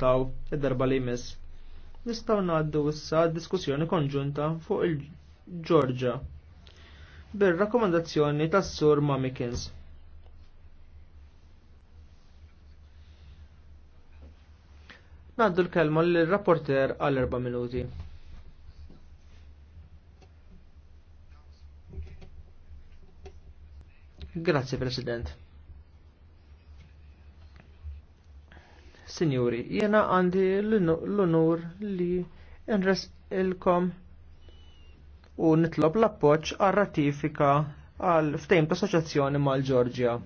taw id-darba li jmiss. Nistgħu ngħaddu issa diskussjoni konġunta fuq il-Ġorġa bir-rakkomandazzjoni tas-Sur Mamikins. Naddu l-kelma l-rapporter għal erba' minuti. Grazie President. Sinjuri, jena għandi l-unur li nres ilkom u nitlob l-appoċ għal ratifika għal ftejm ta' soċazzjoni mal-ġorġja.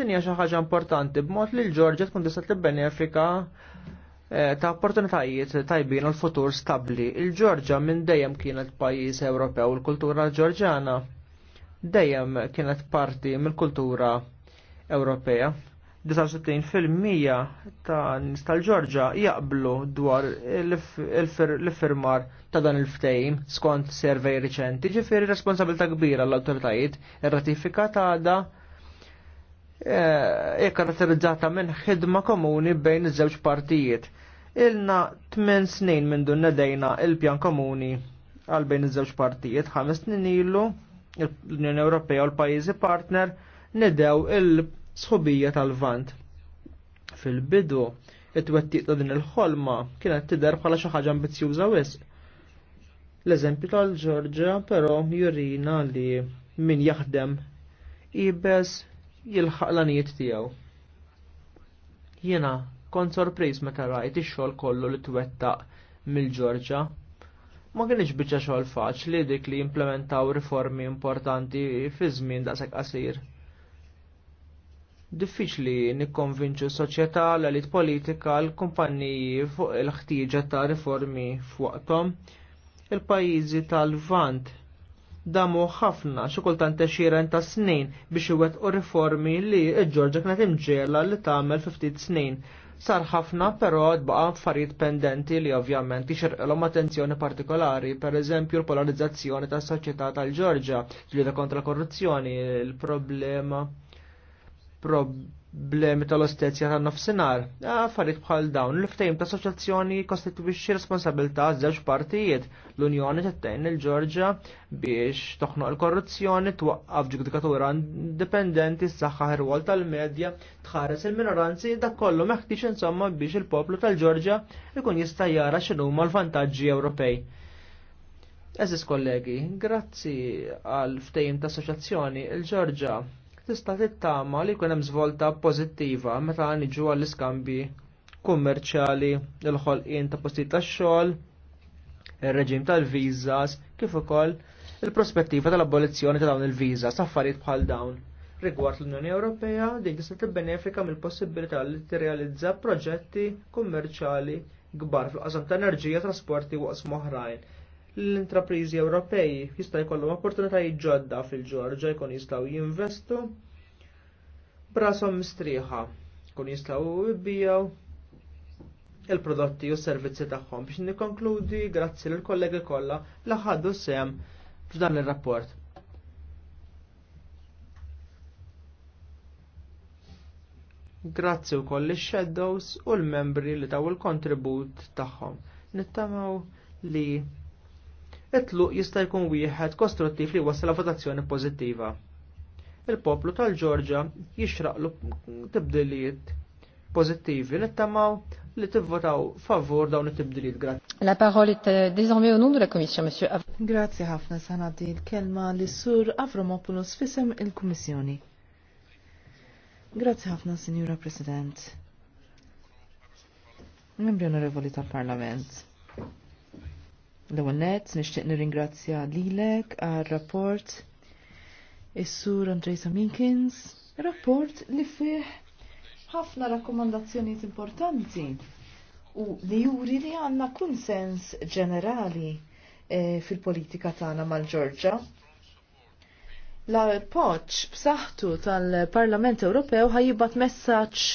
Din hija xi ħaġa importanti b'mod li l-Ġorġja tkun tista' tibbenefika eh, ta' opportunitajiet tajbin għal futur stabli. Il-Ġorġja minn dejjem kienet pajjiż Ewropew u l-kultura ġorġjana dejjem kienet parti mill-kultura Ewropea. 69% ta' nis tal-Ġorġa jaqblu dwar l-firmar ta' dan il-ftejm skont servej riċenti ġifiri responsabilta' kbira l-autoritajiet ir-ratifika ta' da e karatterizzata minn ħidma komuni bejn iż-żewġ partijiet. Ilna 8 snin minn dun nedejna il-pjan komuni għal bejn iż-żewġ partijiet, 5 snin ilu l-Unjoni Ewropea u l-pajjiżi partner nedew il- sħobija tal-vant. Fil-bidu, it-twettiq ta' din il-ħolma kienet tidher bħala xi ħaġa ambizzjuża wisq. L-eżempju tal-Ġorġa però jurina li min jaħdem ibes jilħaq l-anijiet tiegħu. Jiena kont sorpriż meta rajt ix-xogħol kollu li twettaq mill-Ġorġa. Ma kienx biċċa xogħol faċli dik li jimplementaw riformi importanti fi żmien daqshekk qasir diffiċli nikkonvinċu s-soċjetà l politika l-kumpanniji fuq il-ħtieġa ta' riformi fuqhom. Il-pajjiżi tal-Vant damu ħafna xi kultant xiren ta' snin biex iwettqu riformi li ġorġa kienet imġela li tagħmel ftit snin. Sar ħafna però tbaqa' affarijiet pendenti li ovvjament ixerqilhom attenzjoni partikolari, pereżempju l-polarizzazzjoni tas-soċjetà tal-Ġorġa, ġlieda kontra korruzzjoni, il-problema problemi tal-ostezja ta' nofsinar. Ah, affarijiet bħal dawn, l-ftejm ta' assoċjazzjoni kostitwixxi responsabilità żewġ partijiet. L-Unjoni tittejn il-Ġorġa biex toħnoq il-korruzzjoni, twaqqaf ġudikatura indipendenti, s-saħħaħ ir tal-medja, tħares il-minoranzi, dak kollu meħtieġ insomma biex il-poplu tal-Ġorġa ikun jista' jara x'inhuma l-vantaġġi Ewropej. Eżis kollegi, grazzi għal ftejm ta' assoċjazzjoni il-Ġorġa tista' tittama li jkun hemm żvolta pożittiva meta niġu għall-iskambji kummerċjali, il-ħolqien ta' postijiet tax-xogħol, ir-reġim tal-viżas, kif ukoll il-prospettiva tal-abolizzjoni ta' dawn il-viżas affarijiet bħal dawn. Rigward l-Unjoni Ewropea din tista' tibbenefika mill-possibilità li tirrealizza proġetti kummerċjali kbar fil-qasam ta' enerġija, trasporti u qasm oħrajn l-intrapriżi Ewropej jista' jkollhom opportunitajiet ġodda fil-Ġorġa jkun jistgħu jinvestu brashom mistrieħa, jkun jistgħu jibbijaw il-prodotti u s-servizzi tagħhom biex nikkonkludi grazzi lill kollegi kollha li ħaddu sem f'dan ir-rapport. Grazzi wkoll ix-shadows u l-membri li taw il-kontribut tagħhom. Nittamaw li it-tluq jista' jkun wieħed kostruttiv li wassal votazzjoni pożittiva. Il-poplu tal-Ġorġa jixraqlu tibdiliet pożittivi li li tivvotaw favur dawn it-tibdiliet. La parole est euh, désormais au nom de la Commission, Monsieur Av. Grazie ħafna sanadi l-kelma li sur Avromopoulos fisem il-Kummissjoni. Grazie ħafna, Signora President. Membri onorevoli tal-Parlament. L-ewwel nett nixtieq nirringrazzja lilek għar-rapport is-sur Andrej Minkins rapport li fih ħafna rakkomandazzjonijiet importanti u li juri li għandna kunsens ġenerali eh, fil-politika tagħna mal-Ġorġa. L-appoġġ b'saħħtu tal-Parlament Ewropew ħajjibat messaġġ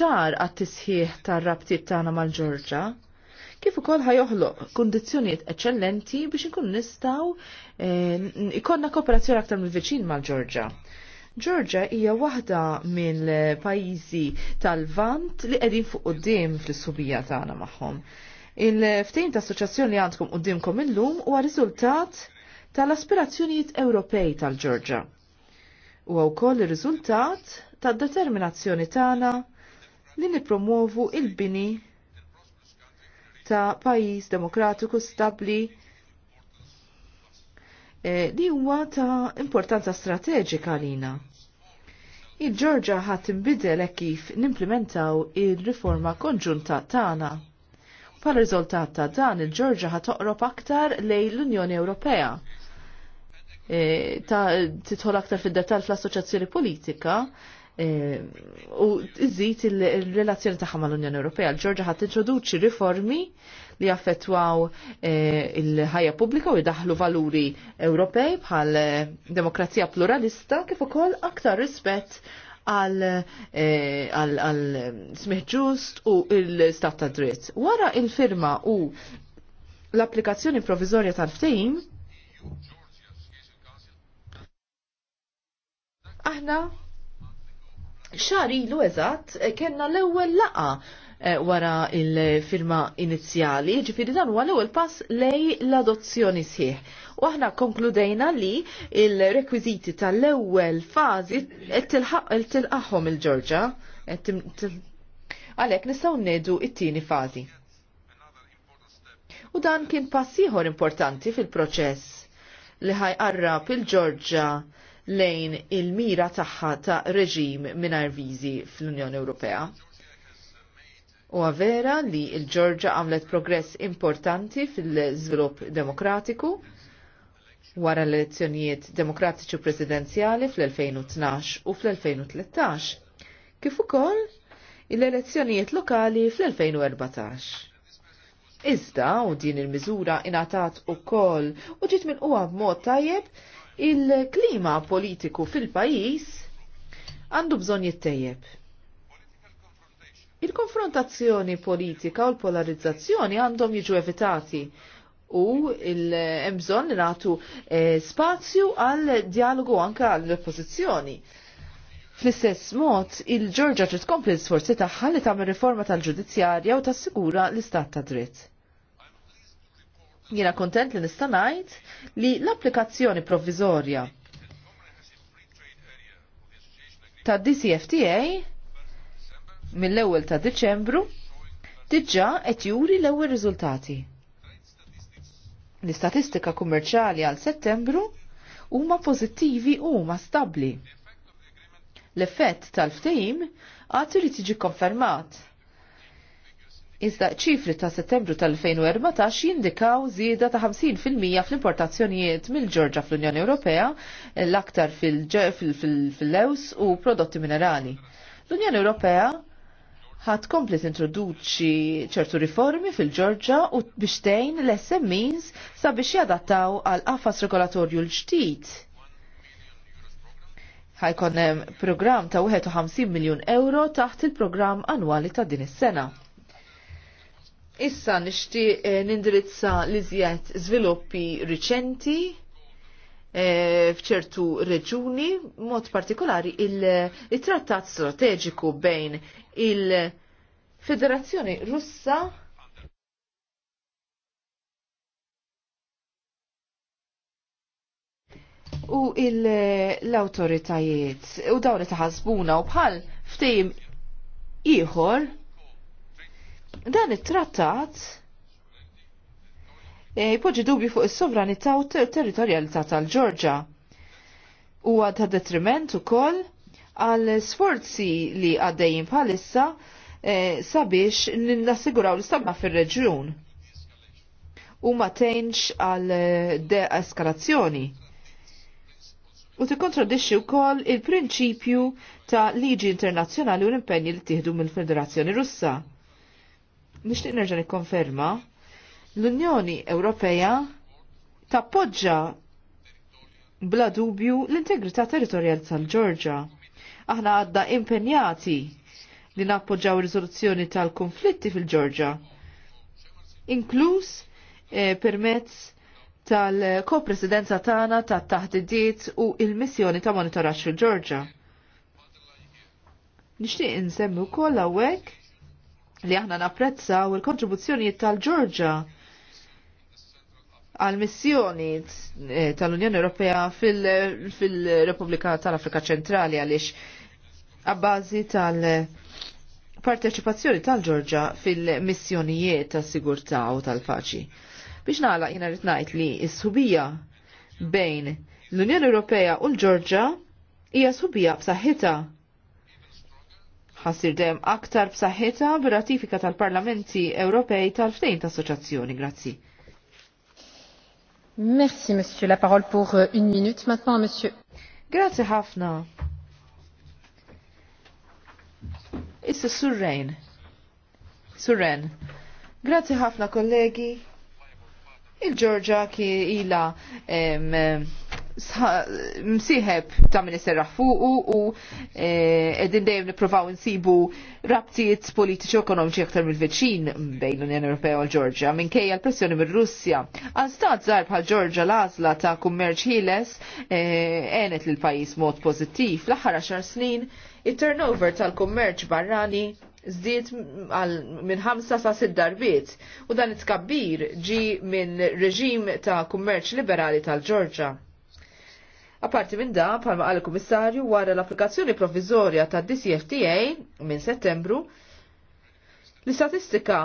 ċar għat-tisħiħ tar-rabtiet tagħna mal-Ġorġa kif ukoll ħajoħloq kundizzjonijiet eċċellenti biex inkun nistgħu ikollna eh, ikonna kooperazzjoni aktar mill-viċin mal-Ġorġa. Georgia hija waħda mill-pajjiżi tal-Vant li qegħdin fuq quddiem fl-subija tagħna magħhom. Il-ftehim ta' assoċjazzjoni li għandkom qudiemkom illum huwa riżultat tal-aspirazzjonijiet Ewropej tal-Ġorġa. U wkoll ir-riżultat tad-determinazzjoni tagħna li nippromuovu il-bini ta' pajis demokratiku stabli eh, li huwa ta' importanza strateġika lina. Il-Ġorġa ħat imbidel kif nimplementaw il-riforma konġunta tagħna. Pal riżultat ta' dan il-Ġorġa ħat toqrob aktar lejn l-Unjoni Ewropea. E, ta' titħol aktar fid-detal fl-assoċjazzjoni politika, Eh, u iżid il-relazzjoni tagħha mal-Unjoni Ewropea. Ġorġa ħadd introduċi riformi li jaffettwaw eh, il-ħajja pubblika u jdaħlu valuri Ewropej bħal eh, demokrazija pluralista kif ukoll aktar rispett għal smiħ ġust u l stat ta' dritt. Wara il-firma u l-applikazzjoni provizorja tal-ftejim, aħna Xar ilu eżatt eh, kellna l-ewwel laqa eh, wara il-firma inizjali, ġifiri dan huwa l-ewwel pass lej l-adozzjoni sħiħ. U aħna konkludejna li il-rekwiżiti tal-ewwel fażi tilqaħħom il-Ġorġa għalek nistaw nedu it-tini fazi. U dan kien passiħor importanti fil-proċess li ħajqarrab il-Ġorġa lejn il-mira tagħha ta' reġim mingħajr viżi fl-Unjoni Ewropea. U vera li l-Ġorġa għamlet progress importanti fil-żvilupp demokratiku wara l-elezzjonijiet demokratiċi presidenzjali fl-2012 u fl-2013, kif ukoll l-elezzjonijiet lokali fl-2014. Iżda u din il-miżura inatat ukoll u ġiet minn huwa b'mod tajjeb il-klima politiku fil-pajis għandu bżon jittejjeb. Il-konfrontazzjoni politika u l-polarizzazzjoni għandhom jiġu evitati u il-emżon natu eh, spazju għal dialogu anka għal oppożizzjoni Fl-istess mod, il-ġorġa trid tkompli l-sforzi tagħha li tagħmel riforma tal-ġudizzjarja u tassigura l-istat ta' dritt. Jiena kontent li nista' ngħid li l-applikazzjoni provvizorja ta' DCFTA mill-ewwel ta' Diċembru diġà qed juri l-ewwel riżultati. L-istatistika kummerċali għal Settembru huma pożittivi u huma stabbli. L-effett tal-ftehim għad irid jiġi konfermat Iżda ċifri ta' settembru tal-2014 jindikaw zieda ta' 50% fl-importazzjonijiet mill-Ġorġa fl-Unjoni Ewropea, l-aktar fil-lews u prodotti minerali. L-Unjoni Ewropea ħat kompli introduċi ċertu riformi fil-ġorġa u biex tgħin l-SMEs sabiex jadattaw għal qafas regolatorju l ġtijt Ħajkon hemm program ta' 51 miljun euro taħt il-programm annwali ta' din is-sena. Issa nixtieq eh, nindirizza li żjed żviluppi riċenti E, fċertu reġuni, mod partikolari il-trattat il strateġiku bejn il-Federazzjoni Russa u eh, l-autoritajiet u dawri taħasbuna u bħal ftejm iħor Dan it-trattat eh, jpoġġi dubju fuq is-sovranità u territorjalità tal-Ġorġa. Huwa ta' detriment ukoll għal sforzi li għaddejjin bħalissa eh, sabiex nassiguraw l istabba fil-reġjun u ma tgħinx għal eh, deeskalazzjoni. U tikkontradixxi wkoll il-prinċipju ta' liġi internazzjonali u l-impenji li tieħdu mill-Federazzjoni Russa nixtieq nerġa' nikkonferma l-Unjoni Ewropea tappoġġa bla dubju l-integrità territorjali tal-Ġorġa. Aħna għadda impenjati li nappoġġaw riżoluzzjoni tal-konflitti fil-Ġorġa, inkluż eh, permezz tal-ko-presidenza tagħna tat-taħdidiet u il-missjoni ta' monitoraġġ fil-Ġorġa. Nixtieq insemmi wkoll hawnhekk li aħna napprezzaw il-kontribuzzjonijiet tal georgia għal missjoni eh, tal-Unjoni Ewropea fil-Repubblika fil tal-Afrika Ċentrali għaliex għabbażi tal-parteċipazzjoni tal georgia fil-missjonijiet tas-sigurtà u tal-paċi. Biex naħla jina rritnajt li s-subija bejn l-Unjoni Ewropea u l georgia hija subija b'saħħitha ħassir dem aktar b'saħħitha b'ratifika tal-Parlamenti Ewropej tal-ftejn ta' assoċjazzjoni. Grazzi. Merci, monsieur. La parole pour euh, une minute maintenant, monsieur. Grazie ħafna. Issa Surrein. Surrein. Grazie ħafna kollegi. il georgia ki ila msiħeb ta' minister serraħ fuqu u edin dejjem niprofaw nsibu rabtiet politiċi ekonomiċi aktar mill-veċin bejn l-Unjoni Ewropea u l-Ġorġja minkejja l-pressjoni mir-Russja. Għal stat żgħar bħal Ġorġja l-għażla ta' kummerċ ħieles e, għenet lil pajjiż mod pożittiv l-aħħar għaxar snin it-turnover tal-kummerċ barrani zdiet minn ħamsa sa sitt darbiet u dan it-tkabbir ġi minn reġim ta' kummerċ liberali tal-Ġorġja. Apparti minn da, palma għal kummissarju wara l-applikazzjoni provvizorja ta' DCFTA minn settembru, l-istatistika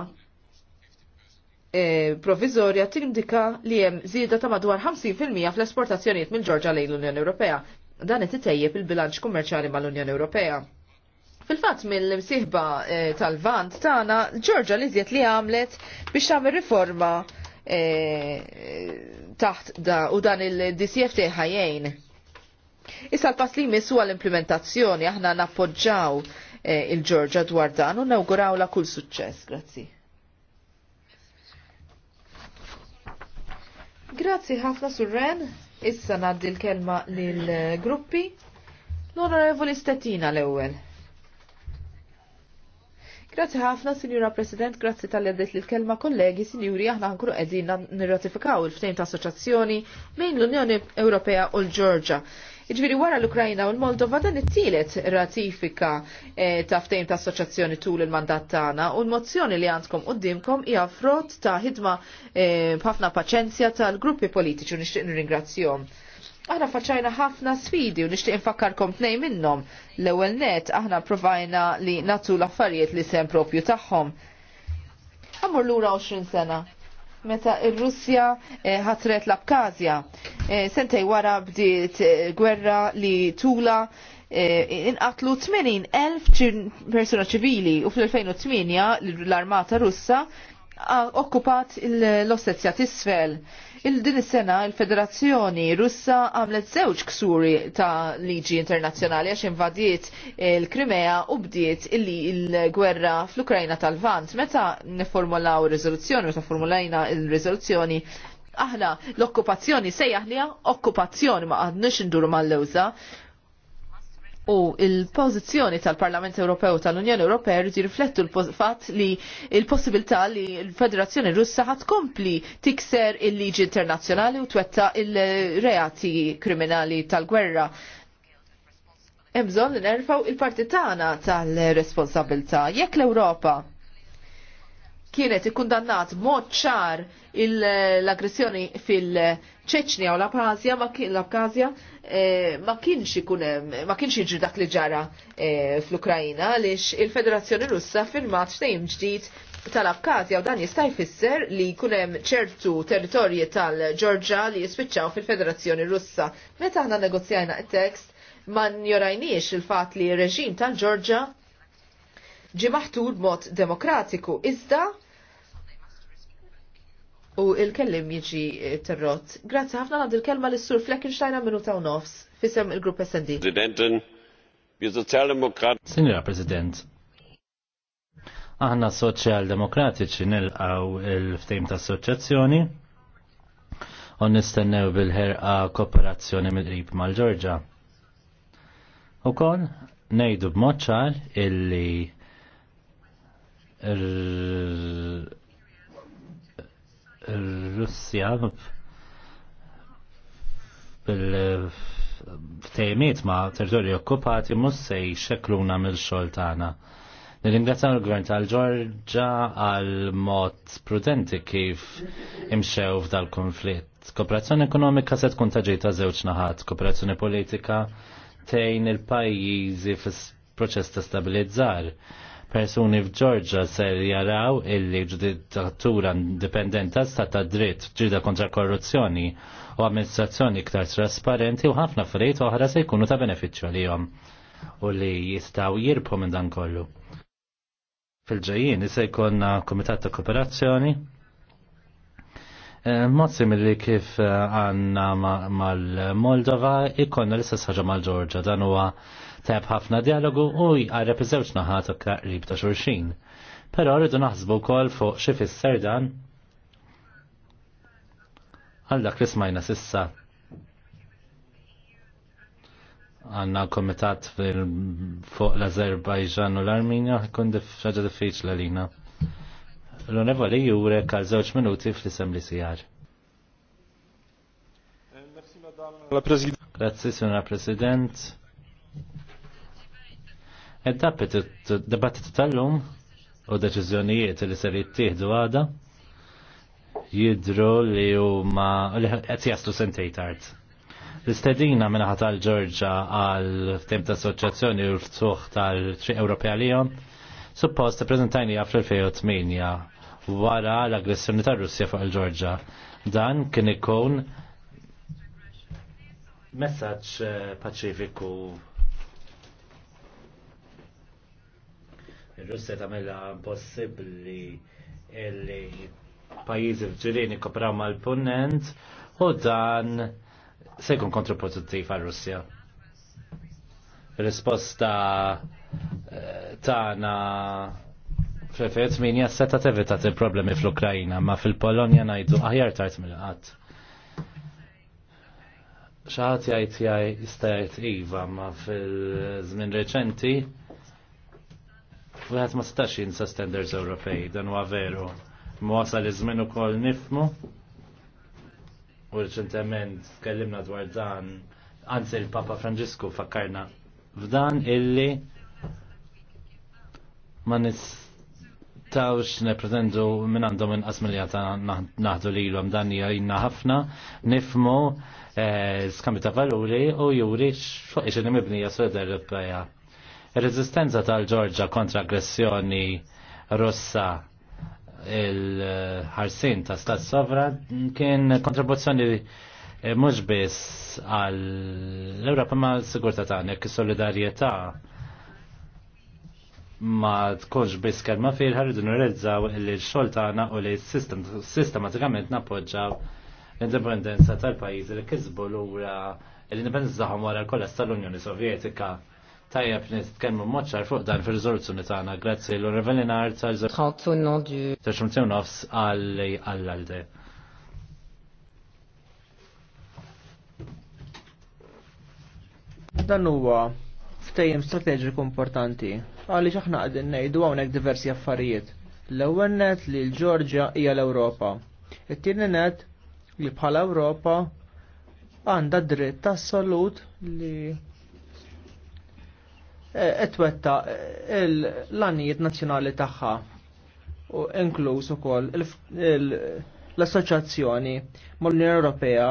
e, provvizorja tindika li hemm zieda ta' madwar 50% fl-esportazzjonijiet mill ġorġa lejn l-Unjoni Ewropea. Dan qed itejjeb il-bilanċ kummerċjali mal-Unjoni Ewropea. Fil-fatt mill-msieħba e, tal-vant tagħna Ġorġa li ziet li għamlet biex tagħmel riforma e, taħt da u dan il-DCFT ħajjejn Issa l-pass jessu jmiss l-implementazzjoni aħna nappoġġaw eh, il-Ġorġa dwar dan u la kull suċċess. Grazzi. Grazzi ħafna surren. Issa naddi l-kelma l gruppi L-Onorevoli Stettina l-ewel. Grazzi ħafna, Sinjura President, grazzi tal-ledet l-kelma kollegi, Sinjuri, aħna nkunu qegħdin nirratifikaw il ftejn ta' assoċazzjoni bejn l-Unjoni Ewropea u l-Ġorġa. Iġviri wara l-Ukrajna u l-Moldova dan it-tielet ratifika eh, ta' ftejn ta' assoċjazzjoni tul il-mandat tagħna u l-mozzjoni li għandkom qudiemkom hija frott ta' ħidma eh, b'ħafna paċenzja tal-gruppi politiċi u nixtieq nirringrazzjahom. Aħna faċċajna ħafna sfidi u nixtieq infakkarkom tnej minnhom. L-ewwel net aħna provajna li natu l-affarijiet li sem propju tagħhom. Għamur lura 20 sena meta il-Russja eh, ħatret l-Abkazja. Eh, sentej wara bdiet eh, gwerra li tula inqatlu 80.000 persona ċivili u fl-2008 l-armata russa ah, okkupat l-ossezzja tisfel. Il-din is-sena il-Federazzjoni Russa għamlet żewġ ksuri ta' liġi internazzjonali għax invadiet il-Krimea u bdiet illi il-gwerra fl-Ukrajna tal-Vant. Meta niformulaw ir-riżoluzzjoni, meta formulajna il-riżoluzzjoni aħna l-okkupazzjoni sejjaħ okkupazzjoni ma għadnix induru mal-lewża u il-pozizjoni tal-Parlament Ewropew tal-Unjoni Ewropea rridu jirriflettu l-fatt li l-possibilità li l-Federazzjoni Russa ħad kompli tikser il-liġi internazzjonali u twetta il-reati kriminali tal-gwerra. Emżon li nerfaw il partitana tal-responsabilità. Jekk l-Ewropa kienet ikkundannat mod ċar l-aggressjoni fil- ċeċnija u l-Abħazja ma l-Abħazja eh, ma kienx ikun ma kienx jiġri dak li ġara eh, fl-Ukrajina għaliex il-Federazzjoni Russa firmat xtejm ġdid tal-Abkazja u dan jista' jfisser li jkun hemm ċertu territorji tal-Ġorġa li jispiċċaw fil-Federazzjoni Russa. Meta aħna negozjajna t-tekst ma njorajniex il-fatt li r-reġim tal-Ġorġa ġi maħtur b'mod demokratiku iżda u il-kellim jiġi eh, terrot. Grazzi ħafna għad il-kelma l-sur Fleckenstein minuta u nofs, Fissem il-grupp SD. Presidentin, Signora President, aħna soċjaldemokratiċi għaw il-ftejm ta' assoċjazzjoni u nistennew bil-ħerqa kooperazzjoni mill-qrib mal-Ġorġa. U kol, nejdu b'moċċar illi Russja bil-tejmiet ma territorju okkupati mus se jxekluna mill xoltana tagħna. Nirringrazzjaw il-Gvern tal-Ġorġa għal mod prudenti kif imxew f'dal-konflitt. Kooperazzjoni ekonomika se tkun taġi ta' żewġ naħat, kooperazzjoni politika tejn il-pajjiżi fis-proċess ta' stabilizzar persuni f'Georgia ser jaraw illi ġuditatura indipendenta stata dritt ġida kontra korruzzjoni u amministrazzjoni iktar trasparenti u ħafna frejt oħra se jkunu ta' benefiċċju għalihom u li jistgħu jirpu minn dan kollu. Fil-ġejjien se jkollna Komitat ta' kooperazzjoni eh, Mod simili kif eh, għanna mal-Moldova ikonna l-istess ħaġa mal-Ġorġa dan huwa Teb ħafna dialogu u jqarreb iż naħat naħat qrib ta' xulxin. Però rridu naħsbu wkoll fuq xi fisser dan għal dak li smajna sissa għanna komitat fuq l-Azerbajġan u l-Arminja kun ħaġa diffiċ l-għalina. L-onevoli jure għal żewġ minuti fl-isem li sijar. Grazzi, Signora President ed dabbi dibattitu tal-lum u deċiżjonijiet li ser jittieħdu għada jidru li huma li qed jaslu sentej tard. L-istedina minna tal ġorġa għal ftim ta' assoċjazzjoni u l-ftuħ tal-Tri Ewropea Lijon, suppost prezentajni fl-2008 wara l-aggressjoni ta' Russja fuq il-Ġorġa. Dan kien ikun messaġġ eh, paċifiku Il-Russja tamela impossibbli illi pajizi fġirini kopraw mal-punent u dan se jkun kontraproduttiv għal Russja. Risposta eh, tagħna fl-effett min jasseta tevitat il-problemi fl ukrajina ma fil-Polonja ngħidu aħjar tard mill-qatt. Xaħat jgħid jgħid jista' jgħid iva, ma fil-żmien reċenti Fħat ma stax jinsa standards Ewropej, dan huwa veru. Mwasa li żmien ukoll nifmu. U reċentement tkellimna dwar dan, anzi il-Papa Franġisku fakkarna f'dan illi ma nistawx nepretendu minn għandhom inqas miljata naħdu li l-għom dan jgħajna ħafna, nifmu skambju ta' valuri u juri xoqiex li mibnija s-Svedja Ir-reżistenza tal-Ġorġa kontra aggressjoni Russa il-ħarsin ta' stat sovran kien kontribuzzjoni eh, mhux biss għal l-Ewropa ma' sigurta ta' nek solidarjetà ma tkunx biss kelma fih ħarridu nirrealizzaw li l-xol xogħol na' u li sistematikament nappoġġaw l-indipendenza tal-pajjiżi li kisbu lura l-indipendenza ta' wara l-kollha tal-Unjoni Sovjetika Tajjeb nitkellmu moċċar fuq dan fir-riżorzu tagħna grazzi l Revelinard tal għal Tħadsu n-nom du. Taxum sew għall-għalde. Dan huwa ftejjem strateġiku importanti għaliex aħna qegħdin ngħidu hawnhekk diversi affarijiet. L-ewwel net li l-Ġorġja hija l-Ewropa. It-tieni net li bħala Ewropa għandha dritt assolut li etwetta l-annijiet nazzjonali tagħha u inkluż ukoll l-Assoċjazzjoni mal-Unjoni Ewropea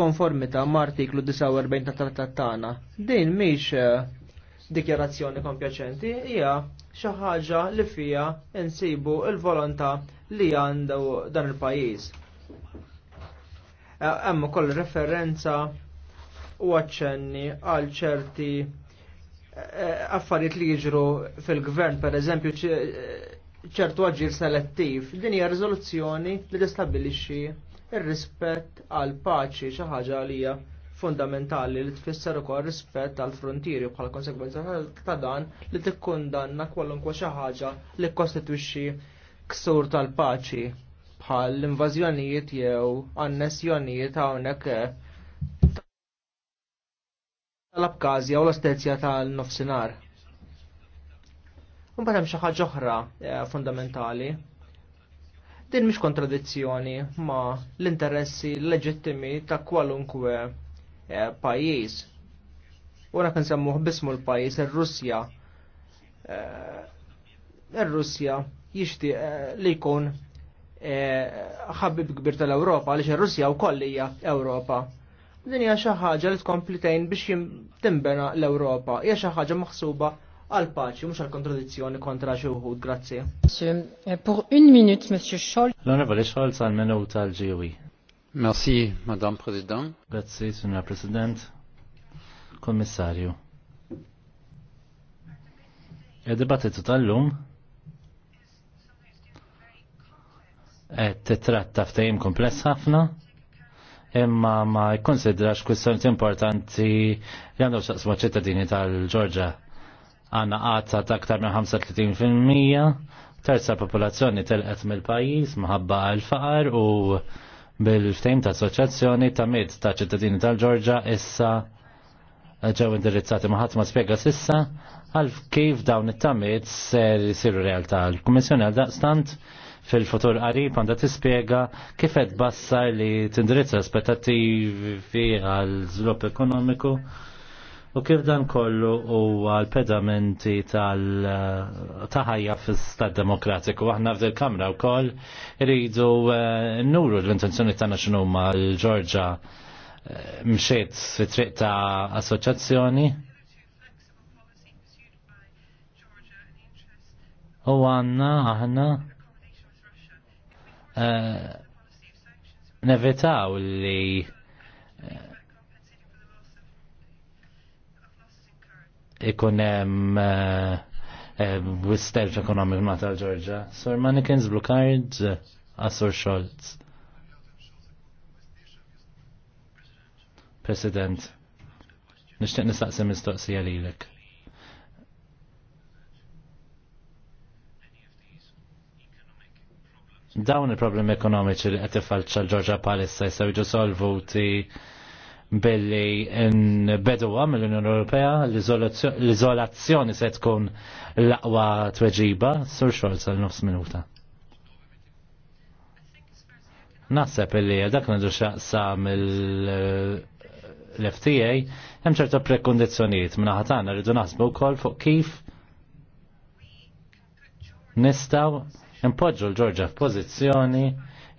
konformita ma' artiklu 49 ta' trattat tagħna. Din mhix eh, dikjarazzjoni kompjaċenti hija xi ħaġa li fija insibu l-volontà li għandu dan il-pajjiż. Eh, hemm ukoll referenza u għal ċerti Eh, affarijiet li jiġru fil-gvern, per eżempju, eh, ċertu għagġir selettiv, din hija riżoluzzjoni li tistabilixxi ir-rispett għal paċi xi ħaġa li hija fundamentali li tfisser ukoll rispett għal frontieri bħal konsekwenza ta' dan li tikkundanna kwalunkwe xi ħaġa li kkostitwixxi ksur tal-paċi bħal l-invażjonijiet jew annessjonijiet hawnhekk eh, l abkazja u l-Ostezja tal-Nofsinar. Un hemm xi ħaġa oħra eh, fundamentali. Din mhix kontradizzjoni ma l-interessi leġittimi ta' kwalunkwe eh, pajjiż. U rak nsemmuh bismu l-pajjiż ir-Russja. Eh, Ir-Russja jixtieq li jkun ħabib kbir tal-Ewropa għaliex ir-Russja wkoll hija Ewropa. Din hija xi ħaġa li tkompli tgħin biex timbena l-Ewropa, hija xi ħaġa maħsuba għal paċi mhux għal kontradizzjoni kontra xi wħud, grazzi. Pour une minute, Monsieur Scholz. L-Onorevoli Scholz għal minuta l-ġiwi. Merci, Madame President. Grazzi, Signor President. Kommissarju. Il-dibattitu tal-lum qed titratta f'tejjim kompless ħafna imma ma jkonsidrax kwistjoni importanti li għandhom xaqsmu ċittadini tal-Ġorġa. Għanna għata ta' aktar minn 35% terza popolazzjoni telqet mill-pajis maħabba għal-faqar u bil-ftejm ta' assoċjazzjoni ta' mid ta' ċittadini tal-Ġorġa issa ġew indirizzati ħadd ma spiega sissa għal kif dawn it-tamiet ser jisiru realtà. L-Kummissjoni għal daqstant fil-futur qarib għandha tispjega kif qed bassar li tindrizza aspettattivi għal żvilupp ekonomiku u kif dan kollu huwa l-pedamenti tal-taħajja eh, fis-stat demokratiku. Aħna f'dil kamra wkoll iridu nnuru eh, l-intenzjoni tagħna ma l-Ġorġa eh, mxiet fit-triq ta' assoċjazzjoni. U għanna, aħna, Eh, nevetaw li eh, ikunem eh, wistelf ekonomik ma tal-Ġorġa. Sor Manikins Blukard għasur Scholz. President, nishtiq nistaqsi mistoqsija l-ek. Dawn il-problemi ekonomiċi li qed tifalċa l-Ġorġa palissa jisaw jiġu solvuti billi għam mill-Unjoni Ewropea l-izolazzjoni se tkun l-aqwa tweġiba sur xogħol sal-nofs minuta. Naħseb illi dak nadu xaqsam l-FTA hemm ċerta prekondizzjonijiet minn ħatana rridu naħsbu wkoll fuq kif nistgħu impoġġu l-Ġorġa f'pożizzjoni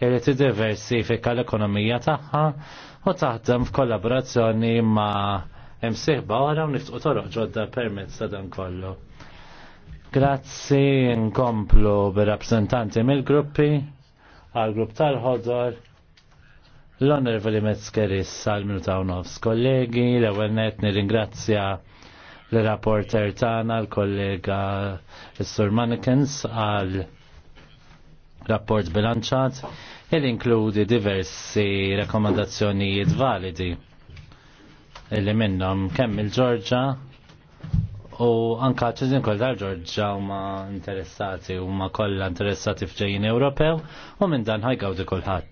li tiddiversifika l-ekonomija tagħha u taħdem f'kollaborazzjoni ma' imsiħba oħra u niftqu toroq ġodda permezz ta' dan kollu. Grazzi nkomplu bir-rappreżentanti mill-gruppi għal-grupp tal-ħodor l-onorevoli Metzkeris għal ta' nofs kollegi, l-ewel net nir-ingrazzja l-rapporter tana, l-kollega Sur Mannequins għal rapport bilanċat il inkludi diversi rekomandazzjonijiet validi illi minnom kemm il-ġorġa u anka ċizin kol dar-ġorġa u ma interessati u ma kolla interessati fġejjin Ewropew u minn dan di kulħadd.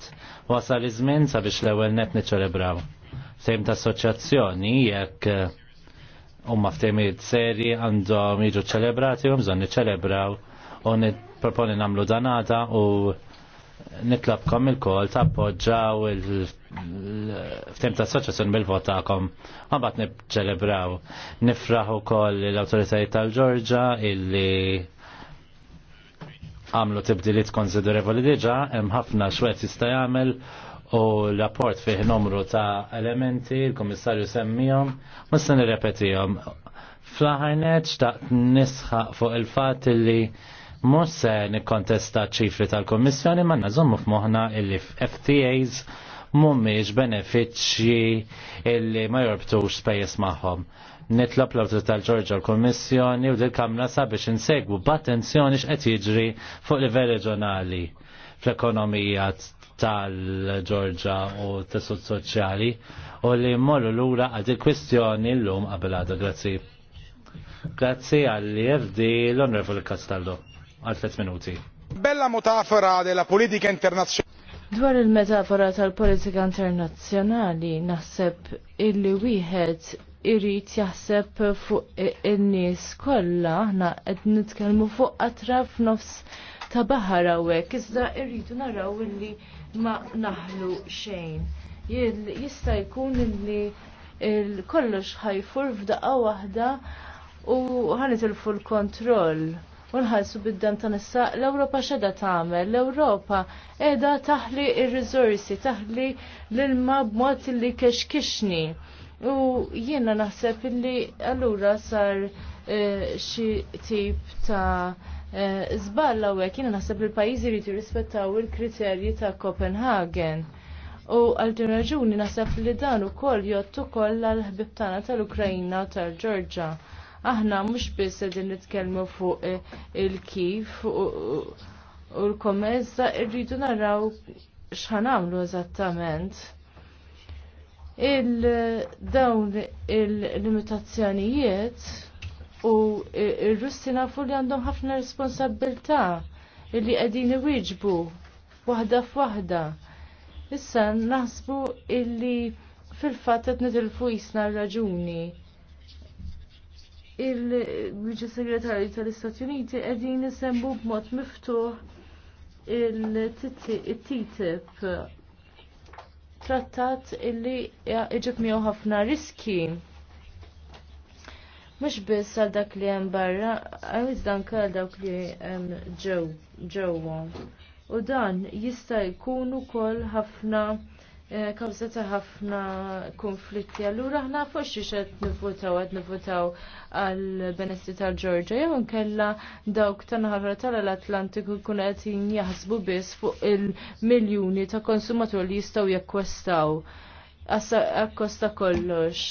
Wasal iż-żmien sabiex l-ewwel net niċċelebraw. Sejm ta' assoċjazzjoni jekk eh, u ma ftemiet seri għandhom jiġu ċelebrati u mżon niċċelebraw u niproponi namlu danada u nitlabkom il-kol u il-ftim ta' soċazzjoni bil-votakom. Għabat nibċelebraw. Nifraħu kol l-autoritajiet tal-ġorġa illi għamlu tibdiliet konsiderevoli diġa, hemm ħafna xwed jista' jagħmel u l-rapport fih numru ta' elementi, il-Komissarju semmijom, ma se nirrepetihom. Fl-aħħar ta' nisħaq fuq il-fatt li Mus se nikkontesta ċifri tal-Kommissjoni ma nażommu f'moħna illi FTAs mumiex benefiċċji illi ma jorbtux spejjeż magħhom. Nitlob l-Awtorità tal-Ġorġa l-Kommissjoni u dil-Kamra sabiex insegwu b'attenzjoni x'qed jiġri fuq livell reġjonali fl-ekonomija tal-ġorġa u tessut soċjali u li mmorru lura għad il-kwistjoni l-lum għabelada. Grazzi. Grazzi għalli FD l-Onorevoli Castaldo għal 3 minuti. Bella metafora della politika internazjonali. Dwar il-metafora tal-politika internazzjonali naħseb illi wieħed irrit jaħseb fuq in-nies kollha aħna qed nitkellmu fuq qatra f'nofs ta' baħar hawnhekk iżda rridu naraw illi ma naħlu xejn. Jista' jkun illi kollox ħajfur f'daqqa waħda u ħanitilfu l-kontroll u nħallsu bid dan ta' nissa l-Ewropa x'edha tagħmel. L-Ewropa edha taħli r riżorsi taħli l-ilma b'mod li kexkixni. U jiena naħseb illi allura sar eh, xi tip ta' Zballa eh, u jiena naħseb li il-pajizi li jirrispettaw il-kriterji ta' Kopenhagen. U għal-din raġuni naħseb li dan u koll jottu koll l ħbib tana tal-Ukrajna tal-Ġorġa aħna mhux biss qegħdin nitkellmu fuq eh, il-kif u l-komezza rridu naraw x'ħanamlu eżattament. Il-dawn il-limitazzjonijiet u r russi nafu li għandhom ħafna responsabilità illi qegħdin iwieġbu waħda f'waħda. Issa naħsbu illi fil-fatt qed nitilfu jisna raġuni il-Viċi Segretarju tal-Istati Uniti qegħdin isemmu b'mod miftuħ il-TTIP trattat illi iġib miegħu ħafna riski. Mhux biss għal dak li hemm barra, iżda anke għal dawk li hemm ġewwa. U dan jista' jkun ukoll ħafna Eh, kawza ta' ħafna konflitti. Allura ħna fuq xi xed nivvotaw qed nivvotaw għal benessri tal-Ġorġa jew nkella dawk ta' naħra tal-Atlantiku kun qed jinjaħsbu biss fuq il-miljuni ta' konsumatur li jistgħu jakkwestaw. Akkosta kollox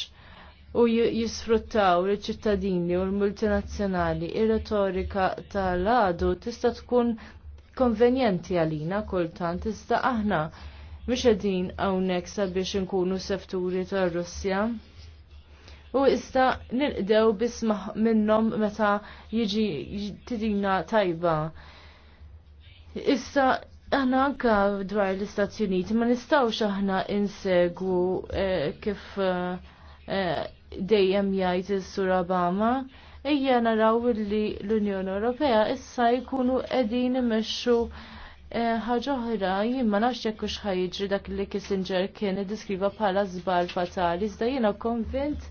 u jisfruttaw il-ċittadini u l-multinazzjonali, ir-retorika tal-għadu tista' tkun konvenjenti għalina kultant tista' aħna mhux qegħdin hawnhekk sabiex inkunu sefturi tar-Russja. U issa nilqdew bismaħ minnhom meta jiġi tidina tajba. Issa aħna anka dwar l-Istati Uniti ma nistgħux aħna insegwu eh, kif eh, eh, dejjem jgħid is-Sur Obama. Ejja naraw li l-Unjoni Ewropea issa jkunu qegħdin imexxu Eh, ħaġa oħra, jien ma nafx jekk hux ħajġri dak li Kissinger kien iddiskriva bħala żbal fatali, iżda jiena konvint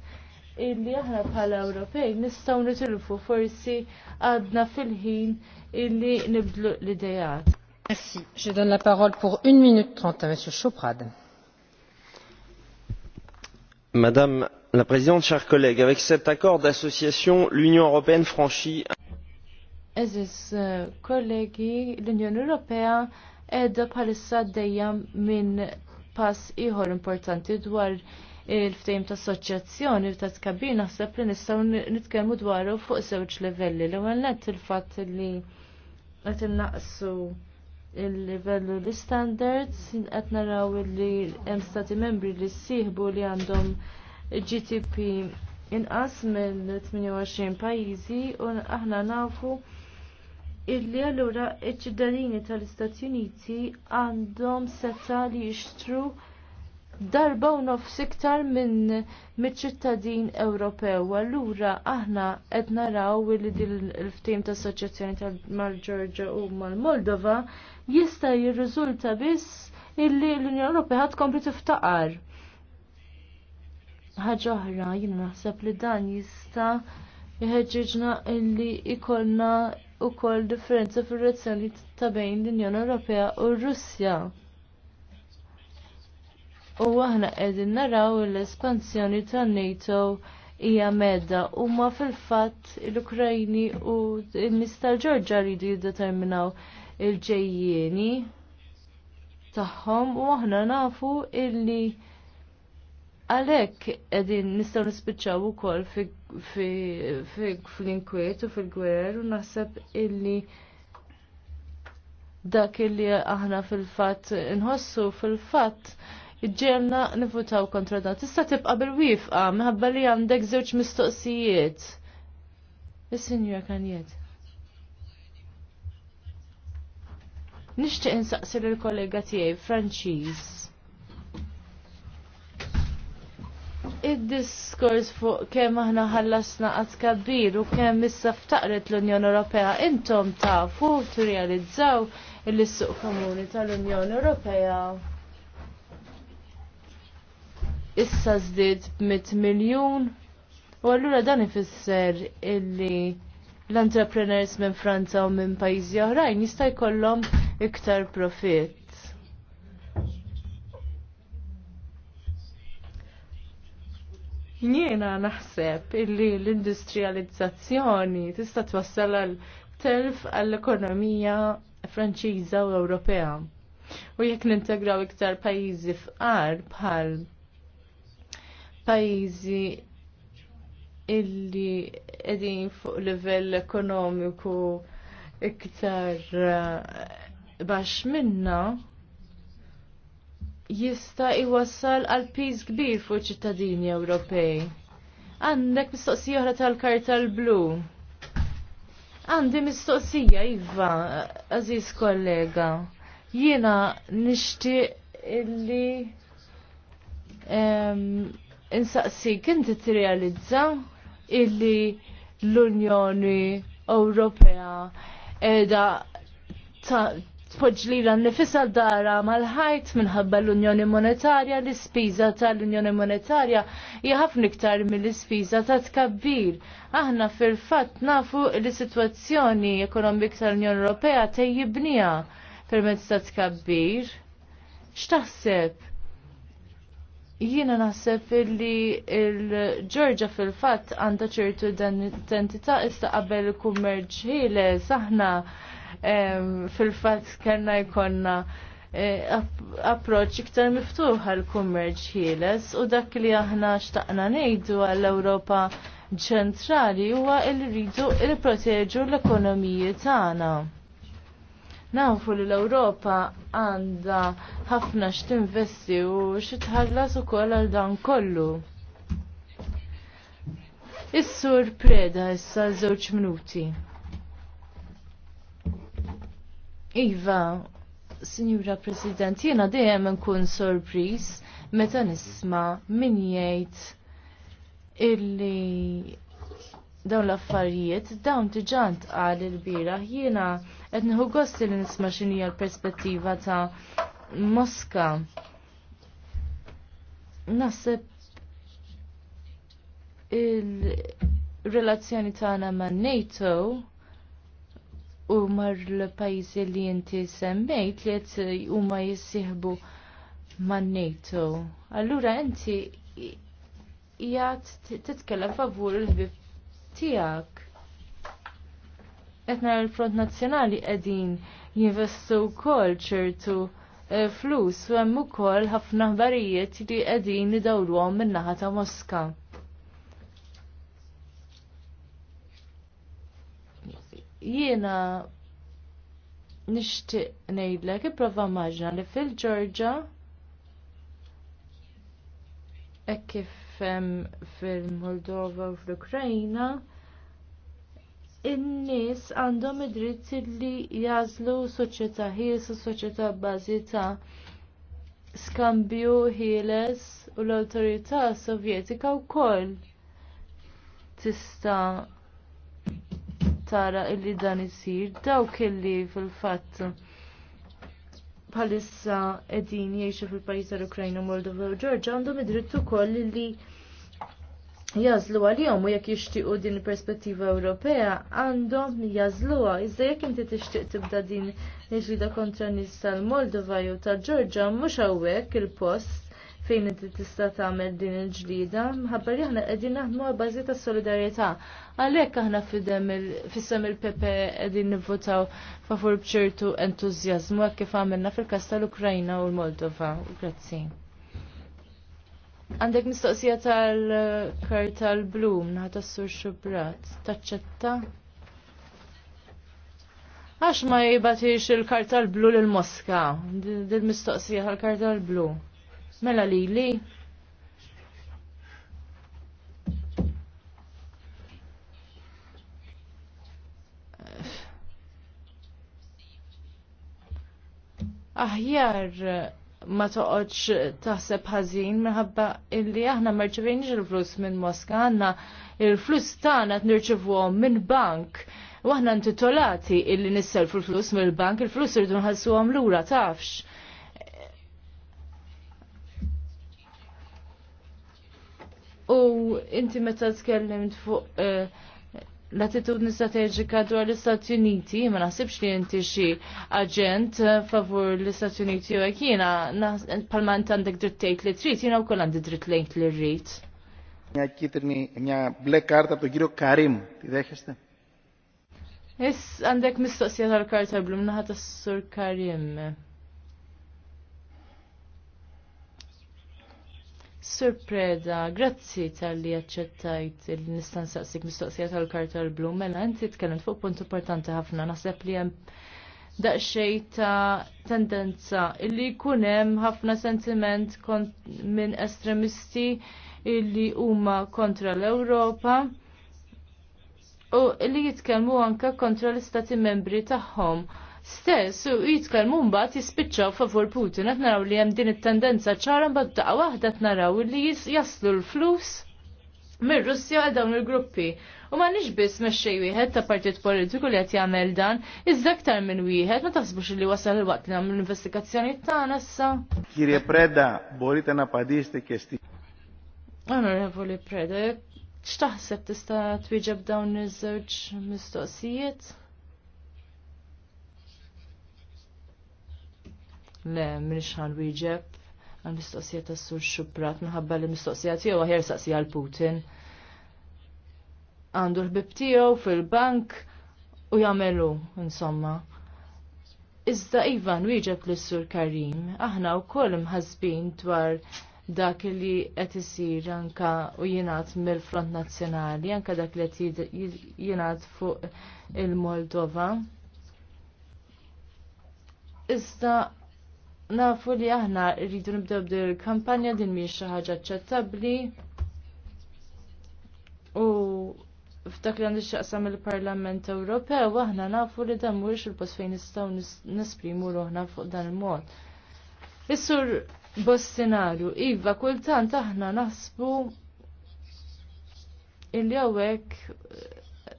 illi aħna bħala Ewropej nistgħu nitilfu forsi għadna fil-ħin illi nibdlu l-idejat. Merci. Je donne la parole pour 1 minute 30 à M. Choprad. Madame la Présidente, chers collègues, avec cet accord d'association, l'Union européenne franchit un... Eżis eh, kollegi, l-Unjoni Ewropea edha bħalissa dejja minn pass ieħor importanti dwar il-ftejm ta' assoċjazzjoni ta' tkabir naħseb li nistgħu nitkellmu dwaru fuq żewġ livelli. L-ewwel nett il-fatt li qed innaqsu il-livellu l standards qed naraw li hemm stati membri li ssieħbu li għandhom GTP inqas minn 28 pajjiżi u aħna nafu illi allura iċ-ċittadini tal-Istati Uniti għandhom seta li jixtru darba u nofs iktar minn mill-ċittadin Ewropew. Allura aħna qed naraw li din il-ftim ta' soċjazzjoni tal-Mal-Ġorġa u mal-Moldova jista' jirriżulta biss illi l-Unjoni Ewropea ħadd kompli tiftaqar. Ħaġa oħra jiena naħseb li dan jista' jħeġġeġna illi ikolna kol differenza fir rezzjoni ta' bejn l-Unjoni Ewropea u r-Russja. U aħna qegħdin naraw l-espansjoni tan-NATO hija medda huma fil-fatt l-Ukrajni u n mistal tal-Ġorġa rridu jiddeterminaw il-ġejjieni tagħhom u aħna nafu illi Għalek edin nistaw nispiċċaw u kol fil-inkwiet u fil-gwer u naħseb illi dak illi aħna fil-fat nħossu fil-fat iġġelna nifutaw kontra dan. Tista tibqa bil-wifqa, meħabba li għandek zewċ mistoqsijiet. Is-sinjura kanjiet. Nishtiq insaqsi l-kollega tiegħi Franċiż id-diskors fuq kemm aħna ħallasna qatt kabbir u kemm issa ftaqret l-Unjoni Ewropea intom tafu turrealizzaw il-suq komuni tal-Unjoni Ewropea. Issa żdied b'100 miljun u allura dan ifisser illi l-entrepreneurs minn Franza u minn pajjiżi oħrajn jista' jkollhom iktar profitt. Jiena naħseb illi l-industrializzazzjoni tista' twassal għal telf għall-ekonomija Franċiża u Ewropea. U jekk nintegraw iktar pajjiżi fqar bħal pajjiżi illi qegħdin fuq livell ekonomiku iktar eh, baxx minna, jista' iwassal għal piż kbir fuq ċittadini Ewropej. Għandek mistoqsija oħra tal-karta l-blu. Għandi mistoqsija, Iva, aziz kollega. Jiena nixtieq illi insaqsik inti tirrealizza illi l-Unjoni Ewropea edha tpoġġli l nifisa dara mal-ħajt minħabba l-Unjoni Monetarja l-ispiża tal-Unjoni Monetarja hija ħafna iktar mill-ispiża ta' tkabbir. Aħna fil-fatt nafu li sitwazzjoni ekonomik tal-Unjoni Ewropea tejjibnija permezz ta' tkabbir. X'taħseb? Jiena naħseb li l-Ġorġa fil-fatt għandha ċertu identità issa qabel il-kummerċ ħieles aħna fil-fatt kellna jkollna e, approċ iktar miftuħ għal kummerċ ħieles u dak li aħna xtaqna nejdu għall ewropa ċentrali huwa li rridu il-proteġu l-ekonomiji tagħna. Nafu li l-Ewropa għandha ħafna x'tinvesti u x'itħallas ukoll għal dan kollu. Is-sur preda issa żewġ minuti. Iva, Signora President, jena dejjem nkun sorpris meta nisma' min jgħid illi dawn l-affarijiet dawn diġà ntqal il-bira jiena qed nieħu gost li nisma' x'inhi l-perspettiva ta' Moska. Naseb il-relazzjoni tagħna man NATO u mar l-pajzi li inti semmejt li għet u ma jissihbu man NATO. Allura inti jgħat titkellem favur il-ħbib tijak. Etna l-Front Nazjonali edin jinvestu kol ċertu eh, flus u hemm ukoll ħafna ħbarijiet li qegħdin idawruhom min-naħa ta' Moska. Jiena nixtieq ngħidlek ipprova maġna li fil-Ġorġa e kif fil-Moldova u fl-Ukrajna in-nies għandhom id-dritt li jażlu soċjetà u soċjetà bażi ta' skambju ħieles u l-awtorità sovjetika wkoll tista' tara illi dan isir dawk illi fil-fatt bħalissa edin jiexu fil-pajis tal-Ukrajna, Moldova u Ġorġa għandhom id-dritt koll li jazlu għal-jom u jekk jixtiequ din perspettiva Ewropea għandhom għal. Iżda jekk inti tixtieq tibda din il-ġlida kontra nies tal-Moldova jew tal-Ġorġa mhux hawnhekk il-post fejn inti tista' tagħmel din il-ġlida, mħabbar li aħna qegħdin naħdmu għal bażi ta' solidarjetà. Għalhekk aħna fidem fissem il-Pepe qegħdin nivvotaw favur bċertu entużjażmu hekk kif għamilna fil-każ tal-Ukrajna u l-Moldova. Grazzi. Għandek mistoqsija tal-karta l-blu minnaħat tas-sur xubrat. Taċċetta? Għax ma jibatix il-karta l-blu l-Moska? Dil-mistoqsija tal-karta l-blu. Mela li li. Aħjar ma toqgħodx taħseb ħażin minħabba illi aħna marċevejniex il-flus minn Moska, għandna il-flus tagħna qed nirċevuhom minn bank. U aħna intitolati illi nisselfu l-flus mill-bank, il-flus irridu nħallsuhom lura tafx. U inti meta tkellimt fuq eh, l-attitudni strateġika dwar l-Istati Uniti, ma naħsibx li inti xi aġent eh, favur l-Istati Uniti u għek jina, palma inti għandek dritt tgħid li trid, jiena wkoll għandi dritt lejt li rrid. Μια kitrni μια μπλε karta από τον Karim, ti Τη δέχεστε. għandek mistoqsija tal-karta η κάρτα, s-sur Karim. Surpreda, grazzi tal-li għacċettajt il-nistan saqsik mistoqsija tal-karta l-blu, mela inti t-kellem fuq punt importanti ħafna, naħseb li jem daqxej ta' tendenza illi kunem ħafna sentiment minn estremisti illi huma kontra l-Europa u illi jitkellmu anka kontra l-istati membri tagħhom stess u jitkellmu mbagħad jispiċċaw favur Putin qed naraw li hemm din it-tendenza ċara mbagħad daqqa waħda naraw li jaslu l-flus mir-Russja għal dawn il-gruppi. U ma nix biss mexxej wieħed ta' partit politiku li qed jagħmel dan, iżda aktar minn wieħed ma taħsbux li wasal il-waqt li nagħmlu l-investigazzjoni tagħna issa. Kirje Preda, borita napadisti kesti. Onorevoli Preda, x'taħseb tista' twieġeb dawn iż-żewġ mistoqsijiet? Le, minix ħan wieġeb għal-mistoqsija tas sur xubrat minħabba li mistoqsija tiegħu għahjer saqsija l-Putin. Għandu l-bib fil-bank u jagħmelu insomma. Iżda Ivan wieġeb lis sur Karim, aħna wkoll mħazbin dwar dak li qed isir anka u jingħad mill-Front Nazzjonali, anka dak li qed jingħad fuq il-Moldova. Iżda nafu li aħna rridu nibdew bdew il-kampanja din mhi xi ħaġa aċċettabbli. U f'dak li għandi xaqsam il-Parlament Ewropew aħna nafu li dan mhuwiex il-post fejn nistgħu nesprimu ruħna fuq dan il-mod. Is-sur Bostinaru, iva kultant aħna naħsbu illi hawnhekk eh,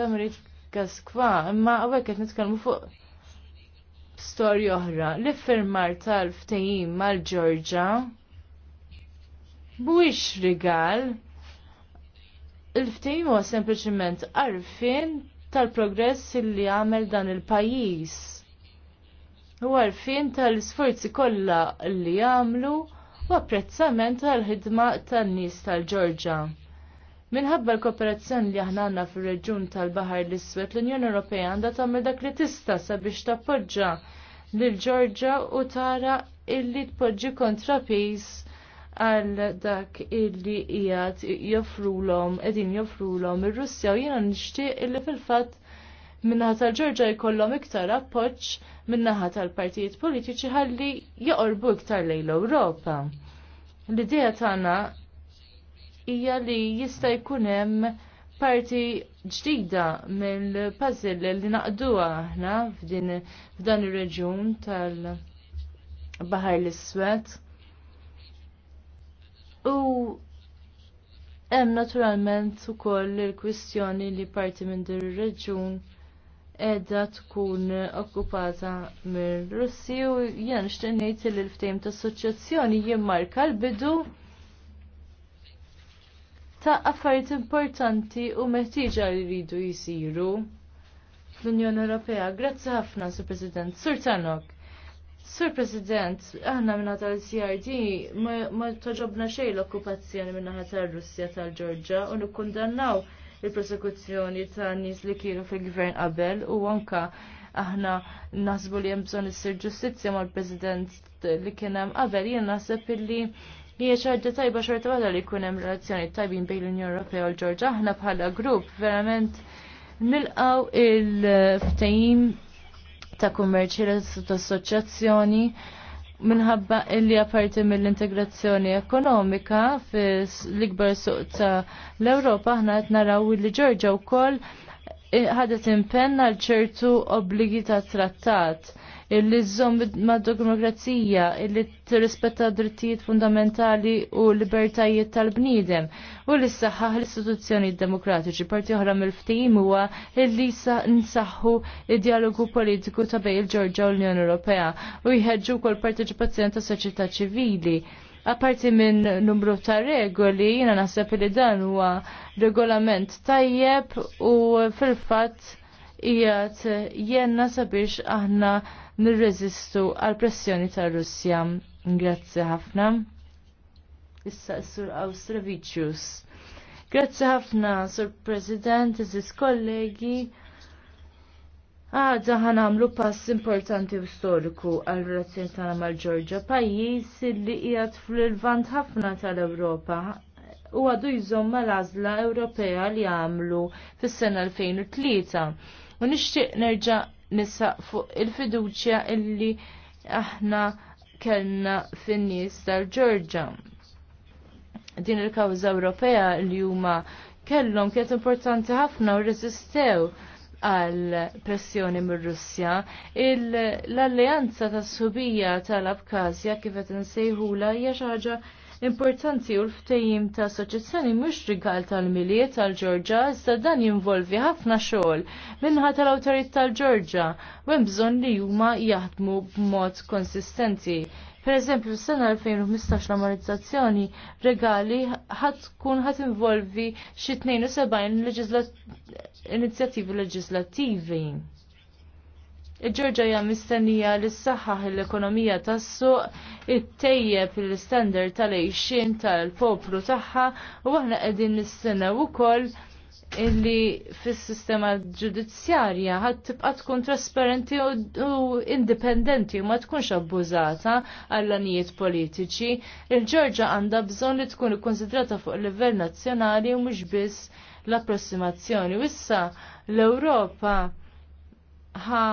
damrit kaskwa, imma hawnhekk qed nitkellmu fuq storja oħra li firmar tal-ftehim mal-Ġorġa mhuwiex rigal il-ftehim huwa sempliċement arfin tal-progress li għamel dan il-pajjiż. U għarfien tal-sforzi kollha li għamlu u apprezzament tal-ħidma tan-nies tal-Ġorġa. Minħabba l-kooperazzjoni li aħna għandna fir-reġjun tal-Baħar l-Iswed, l-Unjoni Ewropea għandha tagħmel dak li tista' sabiex tappoġġa lil Ġorġa u tara illi tpoġġi kontrapiż għal dak illi qiegħed joffrulhom qegħdin joffrulhom ir russja u jiena nixtieq illi fil min-naħa tal-ġorġa jkollhom iktar min-naħa tal-partijiet politiċi ħalli joqorbu iktar lejn l Ewropa. L-idea tagħna hija li jista' jkun hemm parti ġdida mill-puzzle li naqduha aħna f'din f'dan ir-reġjun tal-Baħar l-Iswed. U hemm naturalment ukoll il-kwistjoni li parti minn din ir-reġjun edha tkun okkupata mir russi u jien nixtieq ngħid li l-ftehim tas-soċjazzjoni jimmarka l-bidu ta' affarijiet importanti u meħtieġa li jridu jisiru fl-Unjoni Ewropea. Grazzi ħafna, Sur President. Sur Tanok. Sur President, aħna minna tal-CRD ma toġobna xejn l-okkupazzjoni minna tal-Russja tal-Ġorġa u nikkundannaw il-prosekuzzjoni ta' nis li kienu fil-gvern qabel u anka aħna nasbu li hemm bżonn issir ġustizzja mal-President li kien hemm qabel jien naħseb illi Hija ċarġa tajba xorta waħda li jkun hemm relazzjoni tajbin bejn l-Unjoni Ewropea u l-Ġorġa aħna bħala grupp verament nilqaw il-ftajim ta' kummerċi ta' assoċjazzjoni minħabba li apparti mill-integrazzjoni ekonomika fis l-ikbar suq ta' l-Ewropa aħna qed naraw li Ġorġa wkoll ħadet impenn għal ċertu obbligi ta' trattat illi zom ma demokrazija illi t-rispetta drittijiet fundamentali u libertajiet tal-bniedem u li s-saxħa l-istituzzjoni demokratiċi. Parti oħra mill ftim huwa illi nsaħħu id-dialogu politiku ta' bejn il-Ġorġa u l-Unjoni Ewropea u jħeġġu kol partiċipazzjoni ta' soċjetà ċivili. Aparti minn numru ta' regoli, jina naħseb li dan huwa regolament tajjeb u fil-fatt ijat jenna sabiex aħna nirreżistu għal pressjoni ta' Russja. Grazzi ħafna. Issa sur Austravicius. Grazzi ħafna, sur President, iżis kollegi. Għadda ħan għamlu pass importanti u storiku għal relazzjoni tagħna mal-Ġorġa, pajjiż li qiegħed fl-irvant ħafna tal-Ewropa u għadu jżomm mal-għażla Ewropea li għamlu fis-sena 2003 u nixtieq nerġa' nisaq fuq il-fiduċja illi aħna kellna fin-nies tal-Ġorġa. Din il-kawża Ewropea li huma kellhom kienet importanti ħafna u rreżistew għal pressjoni mir russja l-alleanza tas subija tal-Abkazja kif qed insejħula hija xi ħaġa importanti u l-ftejjim ta' soċezzjoni mhux rigal tal-miliet tal-Ġorġa, iżda dan jinvolvi ħafna xogħol minħa tal-awtorit tal-Ġorġa u hemm bżonn li huma jaħdmu b'mod konsistenti. Per eżempju, s-sena 2015 l-ammonizzazzjoni regali ħat kun ħat involvi xi 72 inizjattivi leġislattivi. Il-ġorġa hija mistennija li saħħaħ l-ekonomija tas-suq it-tejje l-standard tal-għejxin tal-poplu tagħha u aħna qegħdin nistennew ukoll illi fis-sistema ġudizzjarja ħad tibqa' tkun trasparenti u indipendenti u ma tkunx abbużata għall anijiet politiċi. Il-Ġorġa għandha bżonn li tkun ikkonsidrata fuq livell nazzjonali u mhux biss l-approssimazzjoni. Wissa l-Ewropa ħa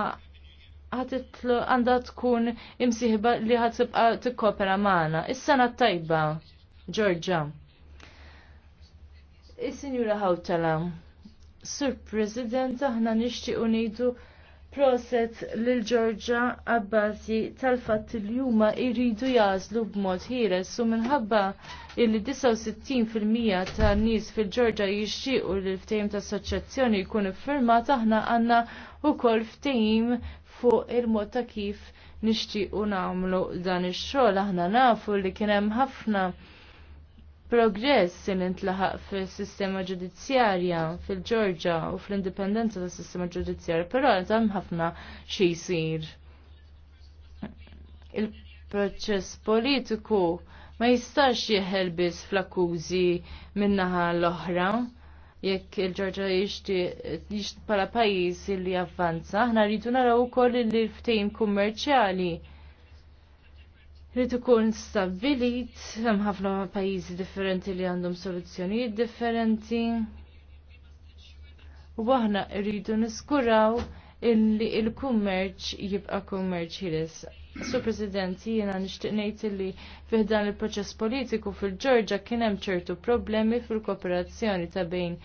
għandha tkun imsiħba li ħad t kopera magħna. Is-sena tajba, Georgia. Is-Sinjura Hawtala, Sur President, aħna nixtiequ ngħidu proset lil Georgia għabbazi tal-fatt li huma jridu jażlu b'mod ħieles u minħabba illi 69% ta' nies fil-Ġorġa jixtiequ li l-ftehim ta' assoċjazzjoni jkun iffirmat aħna għandna wkoll ftehim fuq il-mod ta' kif nixtiequ nagħmlu dan ix-xogħol aħna nafu li kien hemm ħafna progress li intlaħaq fis-sistema ġudizzjarja fil-Ġorġa u fl-indipendenza tas-sistema ġudizzjarja, però hemm ħafna xi jsir. Il-proċess politiku ma jistax jieħel biss fl-akkużi min-naħa l-oħra jekk il-ġorġa jixti pala pajis li avvanza, ħna rridu naraw ukoll li ftejn kummerċjali Rritu ikun stabilit hemm ħafna pajjiżi differenti li għandhom soluzzjonijiet differenti. U aħna rridu niskuraw li il-kummerċ jibqa' kummerċ ħieles. Sur President, jiena nixtieq ngħid li fih dan il-proċess politiku fil-Ġorġa kien hemm ċertu problemi fil-kooperazzjoni ta' bejn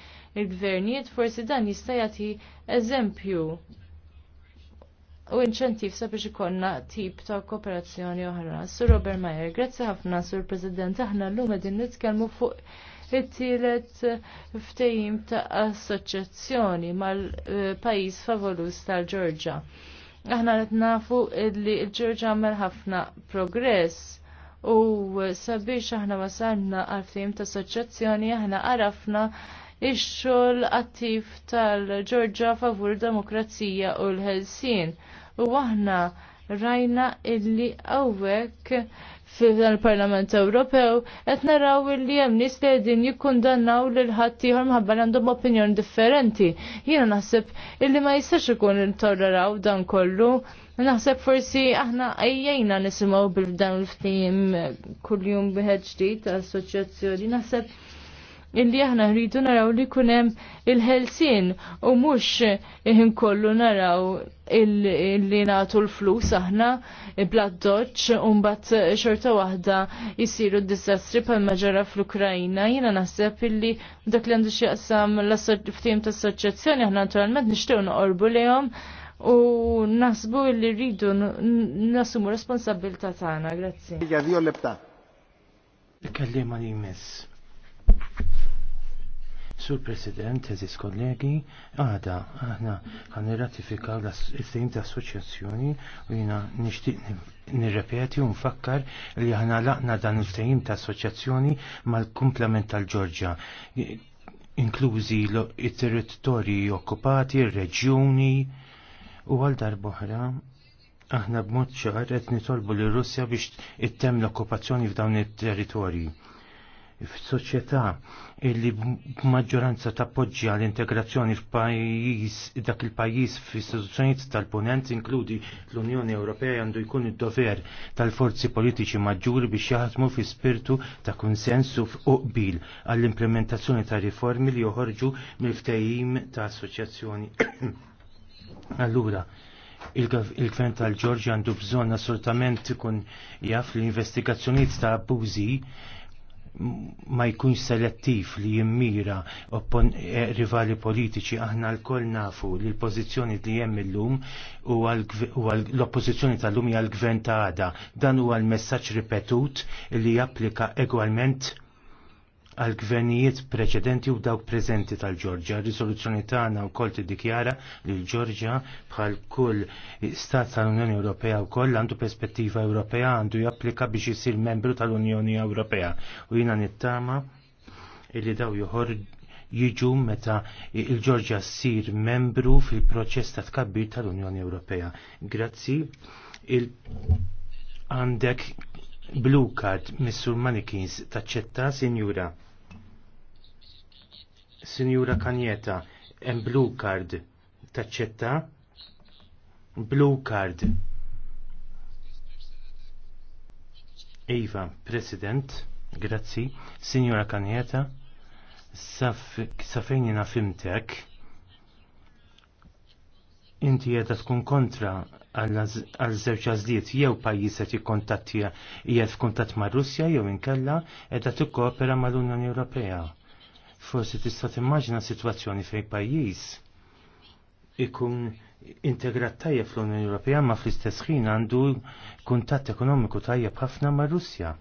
il-gvernijiet, forsi dan jista' jagħti eżempju u inċentiv sabiex ikonna tip ta' kooperazzjoni oħra. Sur Robert Mayer, grazzi ħafna Sur President, aħna llum qegħdin nitkellmu fuq it-tielet ftehim ta' assoċjazzjoni mal-pajjiż eh, favolus tal-Ġorġa aħna qed nafu li l-Ġorġa għamel ħafna progress u sabiex aħna wasalna għal ta' soċjazzjoni aħna għarafna ix-xogħol attiv tal-Ġorġa favur demokrazija u l-ħelsien. U aħna rajna illi għawek fil-Parlament Ewropew, qed naraw li hemm nis li qegħdin jikkundannaw lil l ieħor mħabba għandhom opinjon differenti. Jiena naħseb illi ma jistax ikun il-torraraw dan kollu. Naħseb forsi aħna għajjajna nisimgħu bil-dan il-ftim kuljum biħed ġdid ta' assoċjazzjoni. Naħseb illi aħna rridu naraw li kunem il-ħelsin u mux iħin kollu naraw illi natu l-flus aħna bla doċ unbat xorta wahda jisiru d-disastri pal maġara fl-Ukrajina jina naħseb illi dak li għandu xieqsam l-ftim ta' soċjazzjoni aħna naturalment nishtiq noqorbu lehom u nasbu illi rridu nasumu responsabilta tagħna, grazzi. Kelliema li jmiss. Sur President, eżis kollegi, għada, aħna għan ratifikaw il-fejm ta' assoċjazzjoni u jina nishtiq nirrepeti u nfakkar li ħana laqna dan il-fejm ta' assoċjazzjoni mal-komplement tal-ġorġa inklużi l territori okkupati, il-reġjuni u għal darboħra aħna b'mod ċar qed nitolbu lir russja biex ittem l-okkupazzjoni f'dawn it-territorji Fis-soċjetà illi b'maġġoranza tappoġġja l-integrazzjoni f'pajjiż dak il-pajjiż istituzzjoniet tal-punent inkludi l-Unjoni Ewropea għandu jkun id-dover tal-forzi politiċi maġġuri biex jaħdmu fi spirtu ta' konsensu f'qbil għall-implementazzjoni ta' riformi li joħorġu mill-ftehim ta' assoċjazzjoni. Allura, il-gvern tal-Ġorġi għandu bżonn assolutament ikun jaf l-investigazzjonijiet ta' abbużi ma jkunx selettiv li jimmira oppon eh, rivali politiċi aħna l-koll nafu li l-pozizjoni li jemm illum u l-oppozizjoni tal-lum hija l-gvern ta' għada. Dan huwa l-messaġġ ripetut li japplika egwalment għal gvernijiet preċedenti u dawk prezenti tal-Ġorġa. Risoluzzjoni tagħna wkoll tiddikjara li l-Ġorġa bħal kull stat tal-Unjoni Ewropea wkoll għandu perspettiva Ewropea għandu japplika biex jisir membru tal-Unjoni Ewropea u jiena nittama illi daw joħor jiġu meta il-Ġorġa ssir membru fil-proċess ta' tkabbir tal-Unjoni Ewropea. Grazzi. Il għandek blue card missur Manikins taċċetta sinjura. Sinjura Kanjeta, hemm blue card taċċetta. Blue card. Eva, President, grazzi. Signora Kanjeta, saf, safejn fimtek inti jeda tkun kontra għal żewġ għażliet jew pajjiż qed jikkontattija hija f'kuntatt ma' Russja jew inkella qiegħda tikkopera mal-Unjoni Ewropea. Forsi tista' timmaġina sitwazzjoni fejn pajjiż ikun integrat tajjeb fl-Unjoni Ewropea ma fl-istess ħin għandu kuntatt ekonomiku tajjeb ħafna ma' Russja.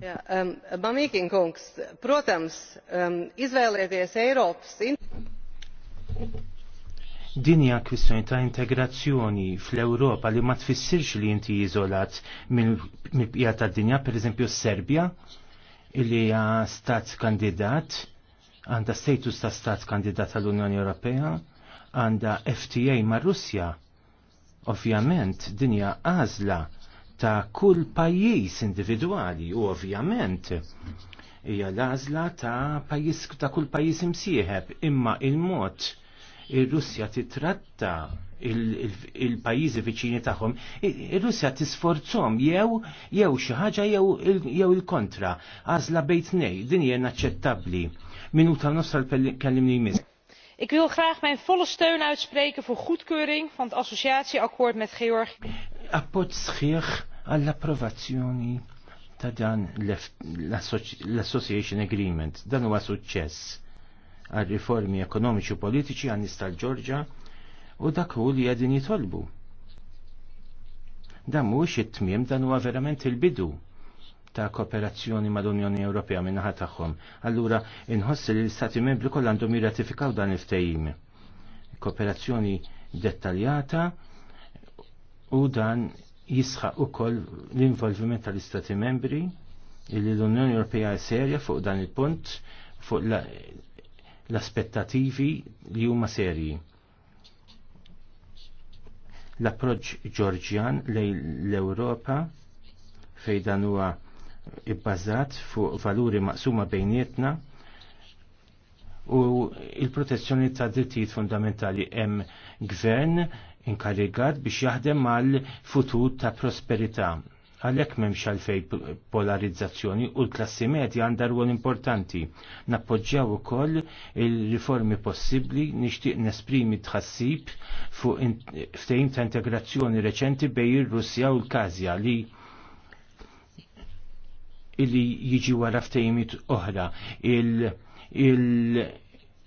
Ehm, ehm, din hija kwistjoni ta' integrazzjoni fl-Ewropa li ma tfissirx li inti iżolat mill-pija ta' dinja, per eżempju Serbja, li hija stat kandidat, għandha status ta' stat kandidat tal-Unjoni Ewropea, għandha FTA ma' Russja. Ovvjament, dinja għażla ta' kull pajjiż individwali u ovvjament hija l-għażla ta' pajjiż ta' kull pajjiż imsieħeb, imma il-mod ir-Russja titratta il-pajjiżi viċini tagħhom, ir-Russja tisforzhom jew jew xi ħaġa jew il-kontra, għażla bejt nej, din hija inaċċettabbli. Minuta nostra l-kellimni jmiss. Ik wil graag mijn volle steun uitspreken voor goedkeuring van het associatieakkoord met Georgië. Appoġġ sħiħ għall-approvazzjoni ta' dan l-Association Agreement. Dan huwa suċċess għal riformi ekonomiċi u politiċi għan tal Ġorġa u dak u li għadin jitolbu. Dan mhuwiex it-tmiem dan huwa verament il-bidu ta' kooperazzjoni mal-Unjoni Ewropea minnaħa tagħhom. Allura inħoss li l-Istati Membri kollha għandhom jirratifikaw dan il-ftehim. Kooperazzjoni dettaljata u dan jisħaq ukoll l-involviment tal-Istati membri illi l-Unjoni Ewropea serja fuq dan il-punt fuq l-aspettativi li huma serji. L-approċ ġorġjan lej l-Ewropa fej dan huwa ibbażat fuq valuri maqsuma bejnietna u il-protezzjoni ta' drittijiet fundamentali hemm gvern inkarigat biex jaħdem mal futur ta' prosperità. Għalhekk m'hemmx għalfej polarizzazzjoni u l-klassi medja għandha rwol importanti. Nappoġġjaw ukoll il-riformi possibbli nixtieq nesprimi tħassib fuq ftehim ta' integrazzjoni reċenti bejn ir-Russja u l-Kazja li illi jiġi wara ftehimiet oħra. il, il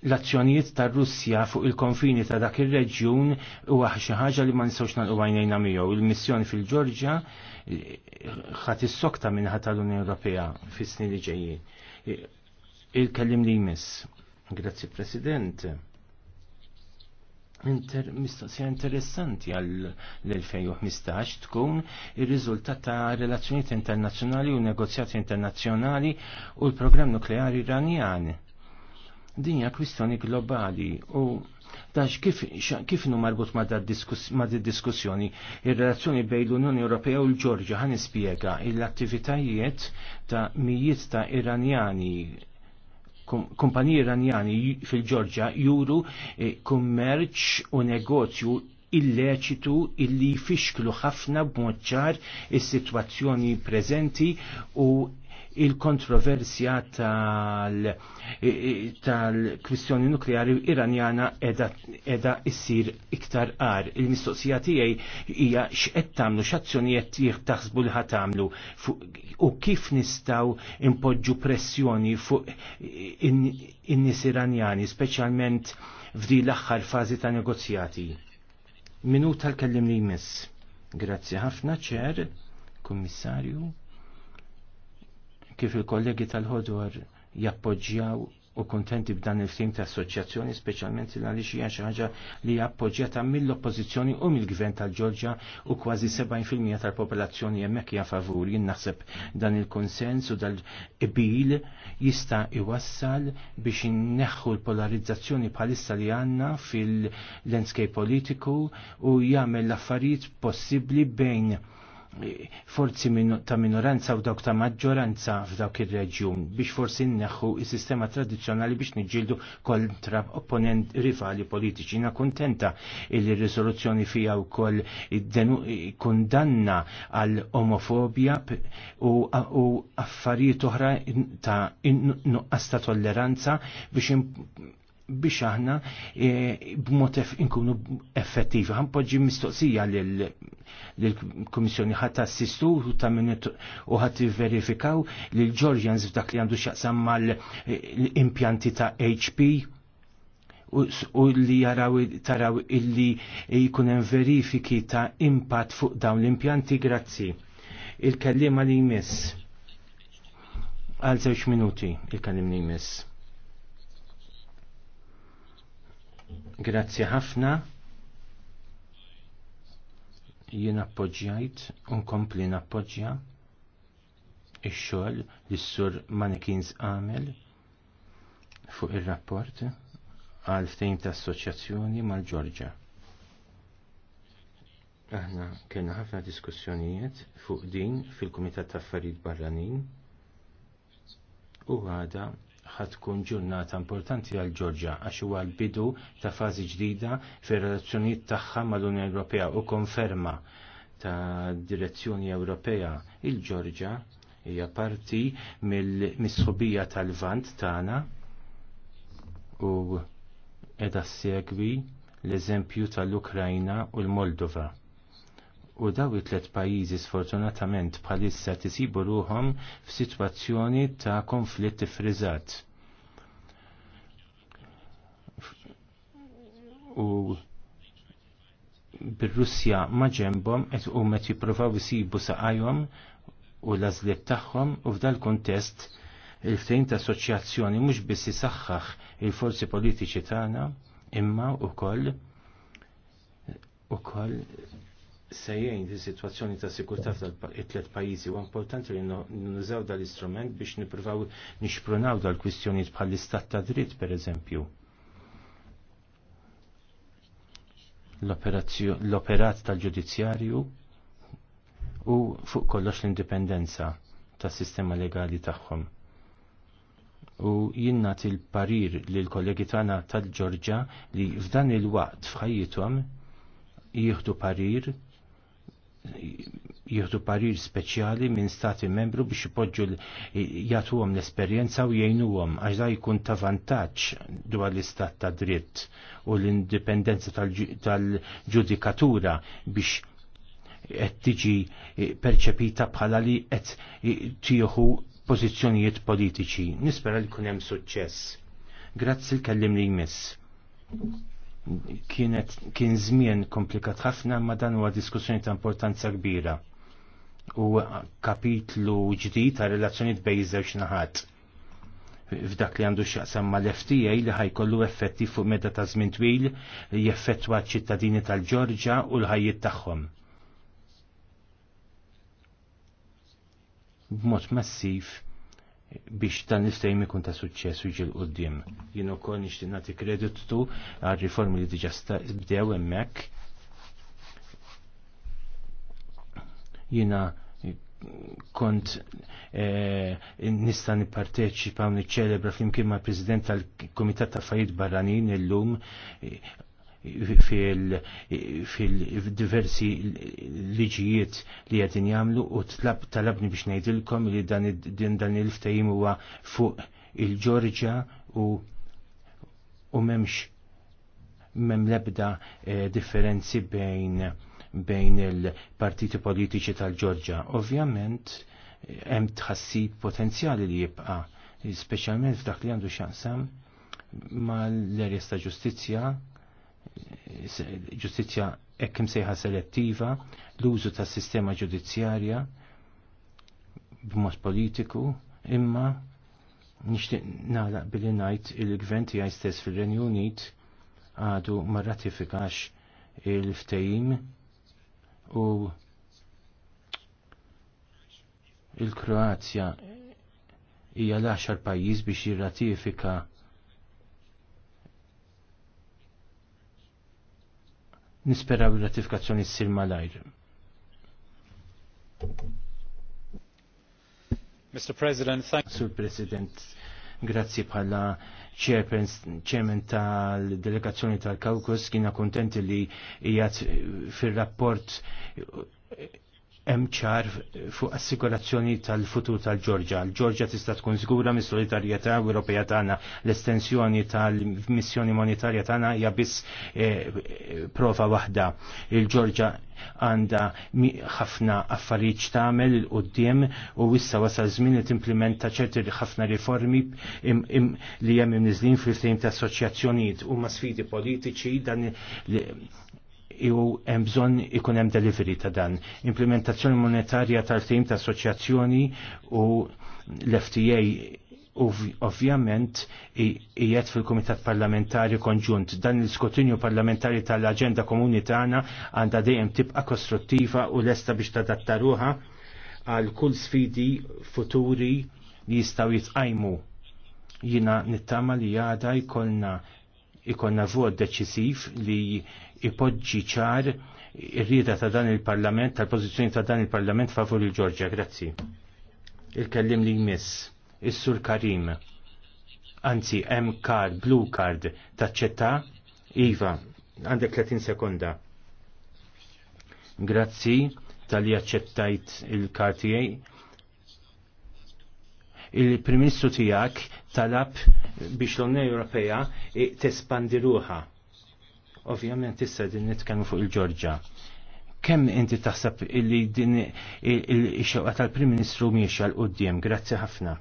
l-azzjonijiet tar Russja fuq il-konfini ta' dak ir-reġjun huwa xi ħaġa li ma nistgħux nagħlqu għajnejna miegħu. Il-missjoni fil-Ġorġja eh, ħadd sokta minnha tal-Unjoni Ewropea fis-snin li ġejjin. Il-kellim li jmiss. Grazzi President. Inter, mistoqsija interessanti għal l-2015 tkun ir-riżultat ta' relazzjonijiet internazzjonali u negozjati internazzjonali u l-programm nukleari iranjan Din hija kwistjoni globali u Dax kif, kif nu marbut ma' di diskussjoni il-relazzjoni bejn l-Unjoni Ewropea u l-Ġorġa ħan ispiega l-attivitajiet ta' mijiet ta' Iranjani kumpaniji Iranjani fil-Ġorġa juru eh, kummerċ u negozju illeċitu illi fixklu ħafna b'moċċar is-sitwazzjoni preżenti u il-kontroversja tal-kwistjoni nukleari iranjana edha, issir iktar qar. Il-mistoqsija tiegħi hija x'qed tagħmlu, x'azzjonijiet jieħ taħsbu li ħatamlu u kif nistgħu impoġġu pressjoni fuq in-nies iranjani, speċjalment f'di l-aħħar fażi ta' negozjati. Minuta l-kellim li jmiss. Grazzi ħafna ċer, kummissarju kif il-kollegi tal-ħodor jappoġġjaw u kontenti b'dan il-ftim ta' assoċjazzjoni, specialment l għaliex xi ħaġa li appoġġjata mill-oppożizzjoni u mill-gvern tal-Ġorġja u kważi 70% tal-popolazzjoni hemmhekk hija favur. Jien naħseb dan il-konsens u dal ibil jista' iwassal biex inneħħu l-polarizzazzjoni bħalissa li għandna fil-landscape politiku u jagħmel l-affarijiet possibbli bejn forzi ta' minoranza u dawk ta' maġġoranza f'dawk ir-reġjun biex forsi nneħħu is-sistema tradizzjonali biex niġġieldu kontra opponent rivali politiċi. Na kontenta il riżoluzzjoni fija wkoll kundanna għal omofobja u affarijiet oħra ta' nuqqas ta' tolleranza biex biex aħna e, b'mod inkunu effettivi. poġġi mistoqsija lill-Kummissjoni ħadd assistu u ta' minnet u ħadd verifikaw lil Georgians f'dak li għandu x'jaqsam mal-impjanti e, ta' HP u li jaraw taraw illi jkun hemm verifiki ta' impatt fuq dawn l-impjanti grazzi. Il-kellima li jmiss għal żewġ minuti il-kellim li jmiss. Grazzi ħafna. Jien appoġġjajt, unkompli nappoġġja ix-xogħol li s-sur Manikins għamel fuq ir-rapport għal ftejn ta' assoċjazzjoni mal-Ġorġa. Aħna kena ħafna diskussjonijiet fuq din fil-Kumitat ta' Affarijiet Barranin u għada ħatkun ġurnata importanti għal Ġorġa għax huwa l-bidu ta' fażi ġdida fir-relazzjonijiet tagħha mal-Unjoni Ewropea u konferma ta' direzzjoni Ewropea il-Ġorġa hija parti mill-misħubija tal-vant tagħna u qiegħda segwi l-eżempju tal-Ukrajna u l-Moldova u daw it-tlet pajjiżi sfortunatament bħalissa tisibu ruhom f'sitwazzjoni ta' konflitt ifriżat. U bir-Russja ma ġembhom qed u met jippruvaw isibu saqajhom u l-għażliet tagħhom u f'dal kuntest il-ftehim ta' assoċjazzjoni mhux biss isaħħaħ il-forzi politiċi tagħna imma wkoll ukoll sejjejn di situazzjoni ta' sikurta tal-tlet pajjiżi u importanti li nużaw dal-istrument biex nippruvaw nixprunaw dal-kwistjonijiet bħal istat ta' dritt pereżempju. L-operat tal-ġudizzjarju u fuq kollox l-indipendenza tas sistema legali tagħhom. U jinnat il-parir li l-kollegi tagħna tal-Ġorġa li f'dan il-waqt f'ħajjithom jieħdu parir jihdu parir speċjali minn stati membru biex ipoġġu jagħtuhom l-esperjenza u jgħinuhom għax da jkun ta' vantaġġ dwar l-istat ta' dritt u l-indipendenza tal-ġudikatura biex qed tiġi perċepita bħala li qed tieħu pożizzjonijiet politiċi. Nispera li kun hemm suċċess. Grazzi l-kellim li jmiss kienet kien żmien komplikat ħafna ma dan huwa diskussjoni ta' importanza kbira u kapitlu ġdid ta' relazzjoniet bejn iż-żewġ naħat f'dak li għandu x'jaqsam mal-FTA li ħajkollu effetti fuq meta ta' żmien twil jeffettwa ċ-ċittadini tal-Ġorġa u l-ħajjiet tagħhom. B'mod massiv biex dan l-istejm ikun ta' suċċess u ġil qoddim. Jien ukoll nixtieq nagħti kreditu għal riformi li diġà bdew hemmhekk. Jiena kont eh, nista' nipparteċipa u niċċelebra flimkien mal-President tal-Kumitat ta' Affarijiet Barranin illum fil-diversi liġijiet li għedin jamlu u tlab talabni biex najdilkom li dan il-ftajim huwa fuq il-ġorġa u u memx mem lebda eh, differenzi bejn bejn il-partiti politiċi tal-ġorġa. Ovvjament, eh, hemm tħassib potenzjali li jibqa' speċjalment f'dak li għandu x'aqsam mal-erjes ta' ġustizzja ġustizja ekkim sejħa selettiva, l-użu ta' sistema ġudizzjarja b'mod politiku, imma nixtieq nala billi ngħid il-gvern tiegħi stess fil renju Unit għadu ma rratifikax il-ftehim u il-Kroazja hija l-10 pajjiż biex jirratifika nisperaw l ratifikazzjoni s-sir malajr. Mr. President, thank Sur President, grazzi bħala ċermen tal-delegazzjoni tal kaukos kiena kontenti li jgħat fil-rapport hemm ċar fuq assigurazzjoni tal-futur tal-Ġorġa. L-Ġorġa tista' tkun żgura mis-solidarjetà Ewropea tagħna. L-estensjoni tal-missjoni monetarja tagħna hija biss eh, prova waħda. Il-Ġorġa għandha ħafna affarijiet tagħmel il qudiem u issa wasal żmien li timplementa ċerti ħafna riformi li hemm imniżlin fil-ftehim ta' assoċjazzjonijiet huma sfidi politiċi dan u hemm bżonn ikun hemm delivery ta' dan. Implementazzjoni monetarja tal-tim ta' assoċjazzjoni u l-FTA ovvjament ijiet fil-Komitat Parlamentari Konġunt. Dan il-skotinju parlamentari tal-Aġenda Komuni tagħna għandha dejjem tibqa' kostruttiva u lesta biex ta' ruha għal kull sfidi futuri li jistgħu jitqajmu. Jina nittama li għada jkollna ikonna vot deċisiv li ipoġġi ċar ir-rieda ta' dan il-Parlament, tal-pożizzjoni ta' dan il-Parlament favur il-Ġorġja. Grazzi. Il-kellim li jmiss, is-Sur Karim. Anzi, hemm card, blue card, taċċetta? Iva, għandek 30 sekonda. Grazzi tal-li il-kartijaj il-Prim Ministru tiegħek talab biex l-Unjoni Ewropea tespandi ruha. Ovvjament issa din nitkellmu fuq il-Ġorġa. Kemm inti taħseb li din il-xewqa tal-Prim Ministru mhijiex għal qudiem Grazzi ħafna.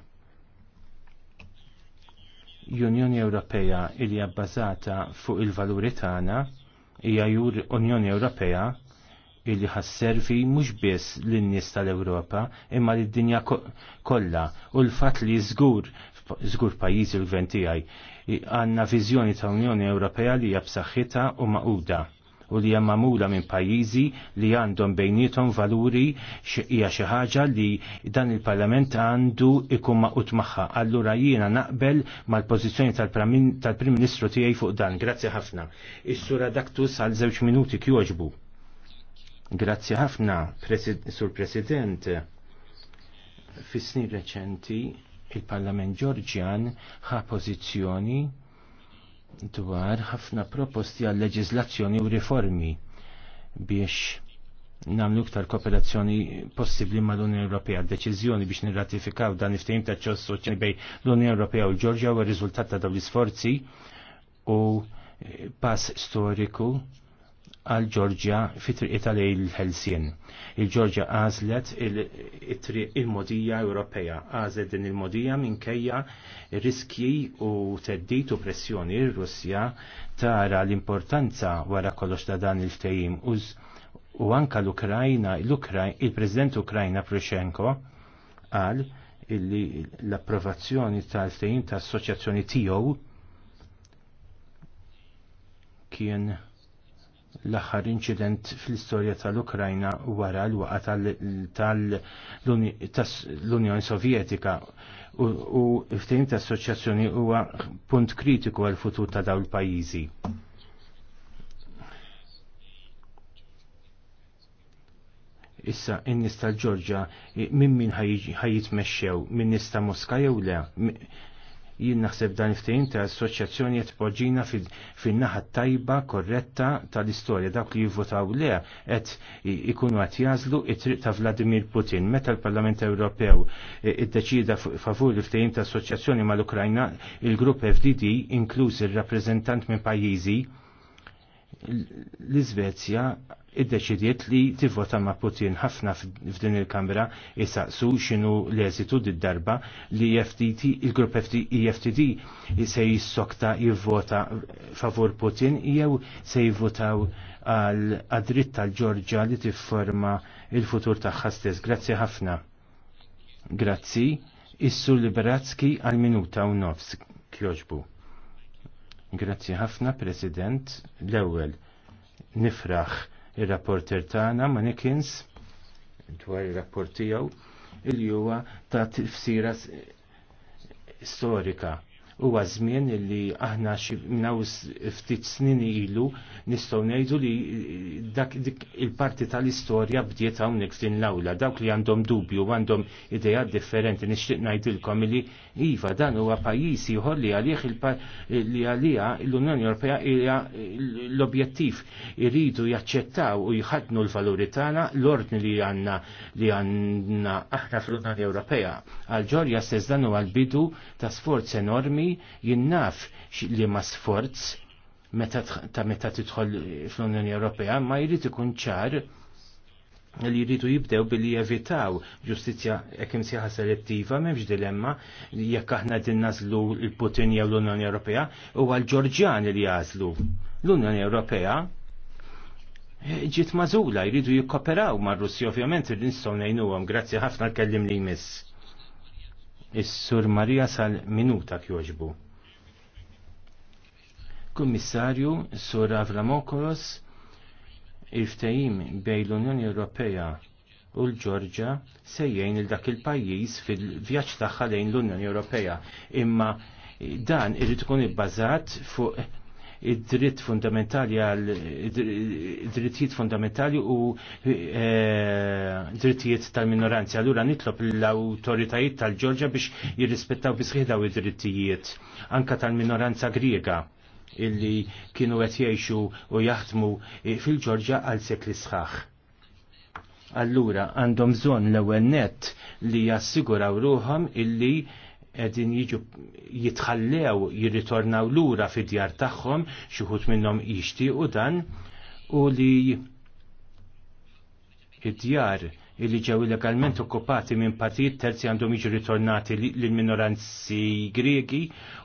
Unjoni Ewropea li hija bbażata fuq il-valuri tagħna hija Unjoni Ewropea illi ħasservi mhux biss lin-nies tal-Ewropa imma lid-dinja kollha u l-fatt li żgur żgur pajjiżi l-gvern tiegħi għandna viżjoni ta' Unjoni Ewropea li hija u maquda u li hemm magħmula minn pajjiżi li għandhom bejnietom valuri hija xi ħaġa li dan il-Parlament għandu ikun maqut magħha. Allura jiena naqbel mal-pożizzjoni tal-Prim Ministru tiegħi fuq dan. Grazzi ħafna. Is-sura daktus għal żewġ minuti kjoġbu. Grazzi ħafna, Sur President. Fis-snin reċenti il-Parlament Ġorġjan ħa pożizzjoni dwar ħafna proposti għal leġiżlazzjoni u riformi biex namlu iktar kooperazzjoni possibbli ma l-Unjoni Ewropea. Deċiżjoni biex nirratifikaw dan iftehim ta' ċossoċjoni bej l-Unjoni Ewropea u l-Ġorġja u r-riżultat ta' dawn l-isforzi u pass storiku għal Ġorġja fit triqita li l helsien Il-Ġorġja għażlet il-modija Ewropea, għazlet din il-modija minkejja riskji u teddit u pressjoni r-Russja tara l-importanza wara kollox ta' dan il uż u anka l-Ukrajna, il-President Ukrajna Prushenko għal l-approvazzjoni tal-ftehim ta' assoċjazzjoni tiegħu kien l-aħħar inċident fl-istorja tal-Ukrajna wara l-waqa tal-Unjoni Sovjetika u ftehim ta' assoċjazzjoni huwa punt kritiku għal futur ta' dawl pajjiżi. Issa in-nies tal-Ġorġa minn min ħajjitmexxew, min-nies ta' Moska jew le, jien naħseb dan il ta' assoċjazzjoni qed poġġina fin-naħa tajba korretta tal-istorja dawk li jivvotaw le qed ikunu qed jażlu it-triq ta' Vladimir Putin. Meta l-Parlament Ewropew e, iddeċida favur il-ftehim ta' assoċjazzjoni mal-Ukrajna, il-grupp FDD inkluż ir-rappreżentant minn pajjiżi l-Iżvezja iddeċidiet li tivvota ma' Putin ħafna f'din il-Kamra jisaqsu xinu l-eżitu darba li FTT, il-grupp FTD e se jissokta jivvota favor Putin jew se jivvotaw għal għadritt tal-ġorġa li tifforma il-futur tagħha stess. Grazzi ħafna. Grazzi. Issu Liberatski għal minuta u nofs kjoġbu. Grazzi ħafna, President. L-ewwel nifraħ il-rapporter tagħna Manikins dwar il-rapport tiegħu il-juwa ta' tifsira storika huwa żmien li aħna minnaw ftit snin ilu nistgħu ngħidu li dak dik il-parti tal-istorja bdiet hawnhekk din l-awla dawk li għandhom dubju għandhom idejat differenti nixtieq ngħidilkom li iva dan huwa pajjiż ieħor li għalih li għalija l-Unjoni Ewropea hija l-objettiv iridu jaċċettaw u jħadnu l-valuri tagħna l-ordni li għandna li għandna aħna fl-Unjoni Ewropea. Għal-ġorja stess dan huwa bidu ta' sforz enormi raġuni jinnaf li ma sforz ta' meta tidħol fl-Unjoni Ewropea ma jrid ikun ċar li jridu jibdew billi jevitaw ġustizja ekim sjaħa selettiva memx dilemma jekk aħna din nażlu l-Putin jew l-Unjoni Ewropea u għal-Ġorġjani li jażlu. L-Unjoni Ewropea ġiet mażula jridu jikkoperaw mar-Russi ovvjament nistgħu ngħinuhom grazzi ħafna kellim li jmiss. Is-Sur Marija sal-minuta kjoġbu. Kummissarju, Sur Avramokolos, il-ftajim bej l-Unjoni Ewropea u l-Ġorġa sejjajn il dak il-pajjiż fil-vjaġġ tagħha lejn l-Unjoni Ewropea. Imma dan irid ikun ibbażat fuq id-dritt fundamentali għal id-drittijiet fundamentali u eh, drittijiet tal-minoranzi. Allura nitlob l-autoritajiet tal-Ġorġa biex jirrispettaw bisħidaw id-drittijiet anka tal-minoranza griega illi kienu qed jgħixu u jaħdmu eh, fil-Ġorġa għal sekli sħaħ. Allura għandhom bżonn l-ewwel nett li jassiguraw ruħom illi edin jiġu jitħallew jirritornaw lura fi djar tagħhom xi ħut minnhom jixtiequ dan u li id-djar illi ġew illegalment okkupati minn partijiet terzi għandhom jiġu ritornati l minoranzi Griegi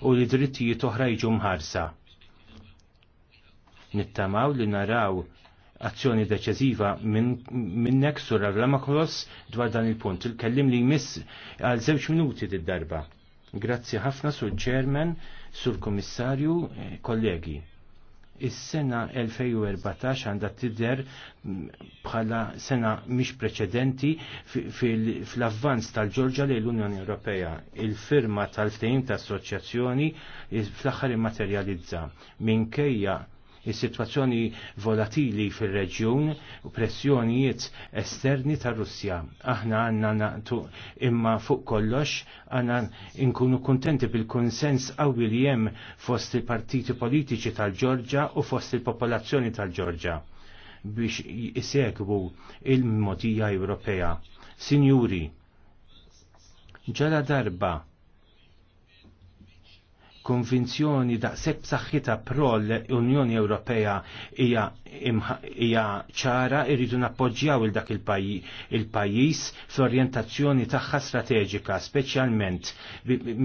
u li drittijiet oħra jiġu mħarsa. Nittamaw li naraw azzjoni deċeziva minnek sur Ramakolos dwar dan il-punt. Il-kellim li jmiss għal żewġ minuti did-darba. Grazzi ħafna sur Chairman, sur Komissarju, eh, kollegi is-sena 2014 għandha tidher mm, bħala sena mhix preċedenti fl-avvanz tal-Ġorġa lejn l-Unjoni Ewropea. Il-firma tal-ftehim ta' assoċjazzjoni eh, fl-aħħar immaterjalizza minkejja is-sitwazzjoni volatili fir-reġjun u pressjonijiet esterni tar Russja. Aħna għandna naqtu imma fuq kollox għandna nkunu kuntenti bil-konsens qawwi li jem fost il-partiti politiċi tal-Ġorġa u fost il-popolazzjoni tal-Ġorġa biex jisegwu il-modija Ewropea. Signuri, ġala darba konvinzjoni da' sepp b'saħħitha prol l-Unjoni Ewropea hija ċara irridu nappoġġjaw il dak il-pajjiż fl-orjentazzjoni tagħha strateġika, speċjalment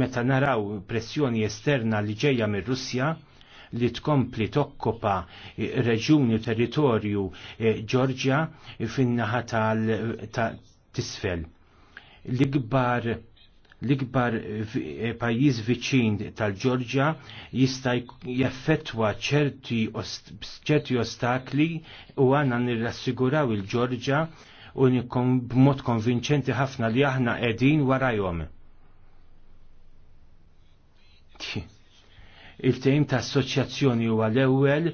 meta naraw pressjoni esterna li ġejja mir-Russja li tkompli tokkopa reġuni u territorju eh, Ġorġja fin-naħa tal-tisfel. L-ikbar l-ikbar eh, pajjiż viċin tal-Ġorġja jista' jaffettwa ċerti ostakli u għandna nirrassiguraw il-Ġorġja u b'mod konvinċenti ħafna li aħna qegħdin warajhom. Il-tejm ta' assoċjazzjoni huwa l-ewwel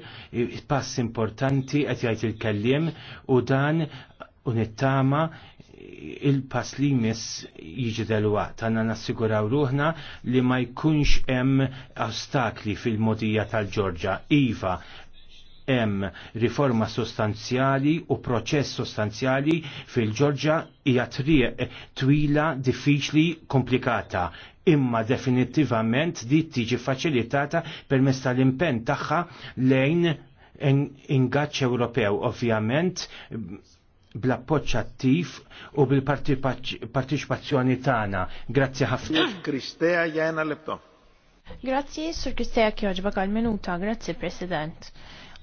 pass importanti qed jgħid il-kelliem u dan u nittama il-pass li jmiss jiġi delwaqt. Għanna nassiguraw ruħna li ma jkunx hemm ostakli fil-modija tal-ġorġa. Iva, hemm riforma sostanzjali u proċess sostanzjali fil-ġorġa hija triq twila, diffiċli, komplikata. Imma definittivament di tiġi faċilitata permezz tal-impenn tagħha lejn ingaċ Ewropew, ovvjament bl-appoċ attiv u bil-partiċipazzjoni tagħna. Grazzi ħafna. Kristea jena Lepto. Grazzi, Sur Kristea kjoġba għal-minuta, grazzi President.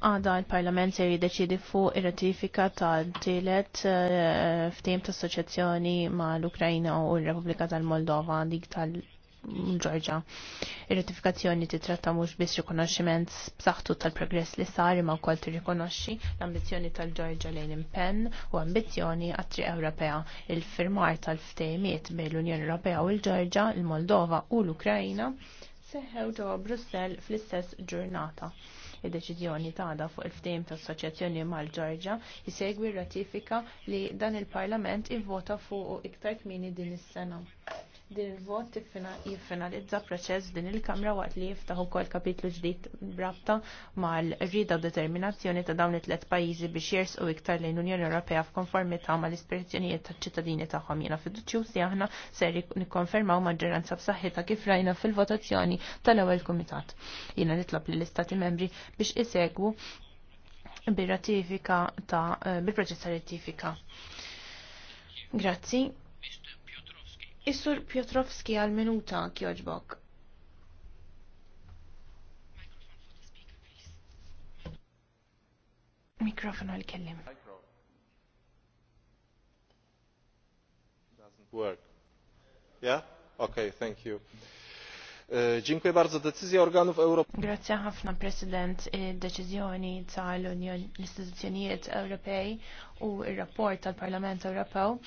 Għada il-Parlament se jiddeċidi fuq ir-ratifika tal-tielet eh, ftim tas-soċjazzjoni ma' l-Ukrajna u r-Repubblika tal-Moldova dik tal- Ġorġa. Ir-ratifikazzjoni titratta mhux biss rikonoxximent b'saħħtu tal-progress li sar imma wkoll tirrikonoxxi l-ambizzjoni tal-Ġorġa lejn impenn u ambizzjoni għat-triq Ewropea il-firmar tal-ftehimiet bejn l-Unjoni Ewropea u l-Ġorġa, il-Moldova u l ukrajina seħħew ġewwa Brussell fl-istess ġurnata id-deċiżjoni tagħna fuq il-ftehim tas-Assoċjazzjoni mal-Ġorġa jsegwi ratifika li dan il-Parlament ivvota fuq iktar kmini din is-sena din il-vot jiffinalizza proċess din il-Kamra waqt li jiftaħ ukoll kapitlu ġdid brabta mal-rida u determinazzjoni ta' dawn it-tlet pajjiżi biex jersqu iktar lejn Unjoni Ewropea f'konformità mal-ispirazzjonijiet taċ-ċittadini tagħhom jiena fiduċjuż si aħna ser nikkonfermaw maġġoranza b'saħħitha kif rajna fil-votazzjoni tal-ewwel kumitat. Jiena nitlob lill-Istati membri biex isegwu bir-ratifika ta' eh, bil-proċess ta' ratifika. Grazzi. Is-sur Piotrowski għal minuta kjoġbok. Mikrofon għal kellim. Work. Yeah? Okay, thank you. Uh, dziękuję bardzo. Decyzja organów Europejskich. Grazie ħafna, President. E, Deċiżjoni tal-Unjon l-istituzzjonijiet Ewropej u il-rapport tal-Parlament Ewropew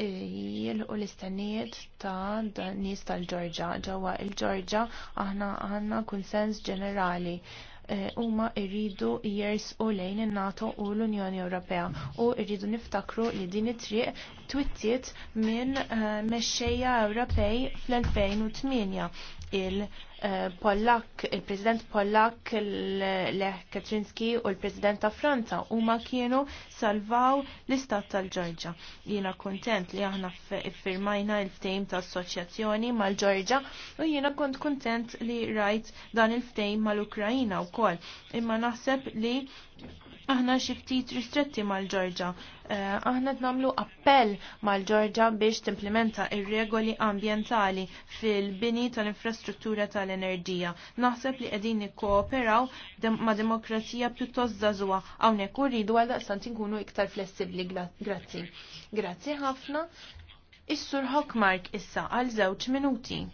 jilħu l-istennijiet ta' nies tal-ġorġa. Ġewwa il-ġorġa aħna għandna kunsens ġenerali e, huma rridu u lejn in-NATO u l-Unjoni Ewropea u rridu niftakru li din it-triq twittiet minn e, mexxejja Ewropej fl-2008 il-Pollak, il-President Pollak Lech Kaczynski u l-President ta' Franza huma kienu salvaw l-Istat tal-Ġorġa. Jiena kontent li aħna firmajna il-ftejm ta' assoċjazzjoni mal-Ġorġa u jiena kont kontent li rajt dan il-ftejm mal-Ukrajina wkoll. Imma naħseb li aħna xi ftit ristretti mal-Ġorġa. Eh, aħna nagħmlu appell mal-Ġorġa biex timplementa ir-regoli ambientali fil-bini tal-infrastruttura tal-enerġija. Naħseb li qegħdin nikkooperaw ma' demokrazija pjuttost żagħżugħa hawnhekk urridu għal daqstant inkunu iktar flessibbli. Grazzi. Grazzi ħafna. Is-Sur Hockmark issa għal żewġ minuti.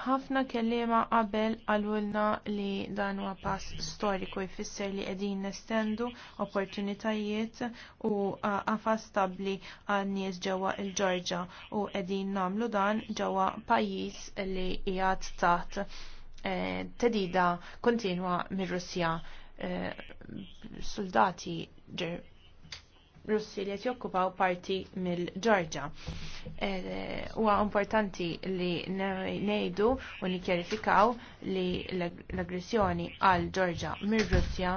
ħafna kelliema qabel għalulna li dan huwa pass storiku jfisser li qegħdin nestendu opportunitajiet u qafas stabbli għan nies ġewwa l-Ġorġa u qegħdin nagħmlu dan ġewwa pajjiż li qiegħed taħt e, tedida kontinwa mir-Russja e, soldati Russi li jokkupaw parti mill-ġorġa. E, huwa importanti li ngħidu u nikkjarifikaw li l-aggressjoni għal ġorġa mill russja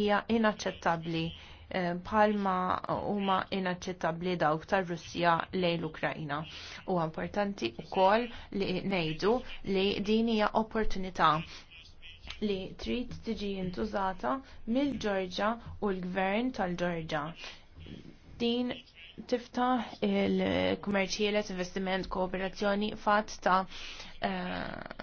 hija inaċċettabbli e, bħalma huma inaċċettabbli dawk tar-Russja lejn l-Ukrajna. Huwa importanti wkoll li ngħidu li din hija opportunità li trid tiġi jintużata mill-Ġorġa u l-Gvern tal-Ġorġa din tifta il-kummerċielet, investiment, kooperazzjoni fatt ta' eh,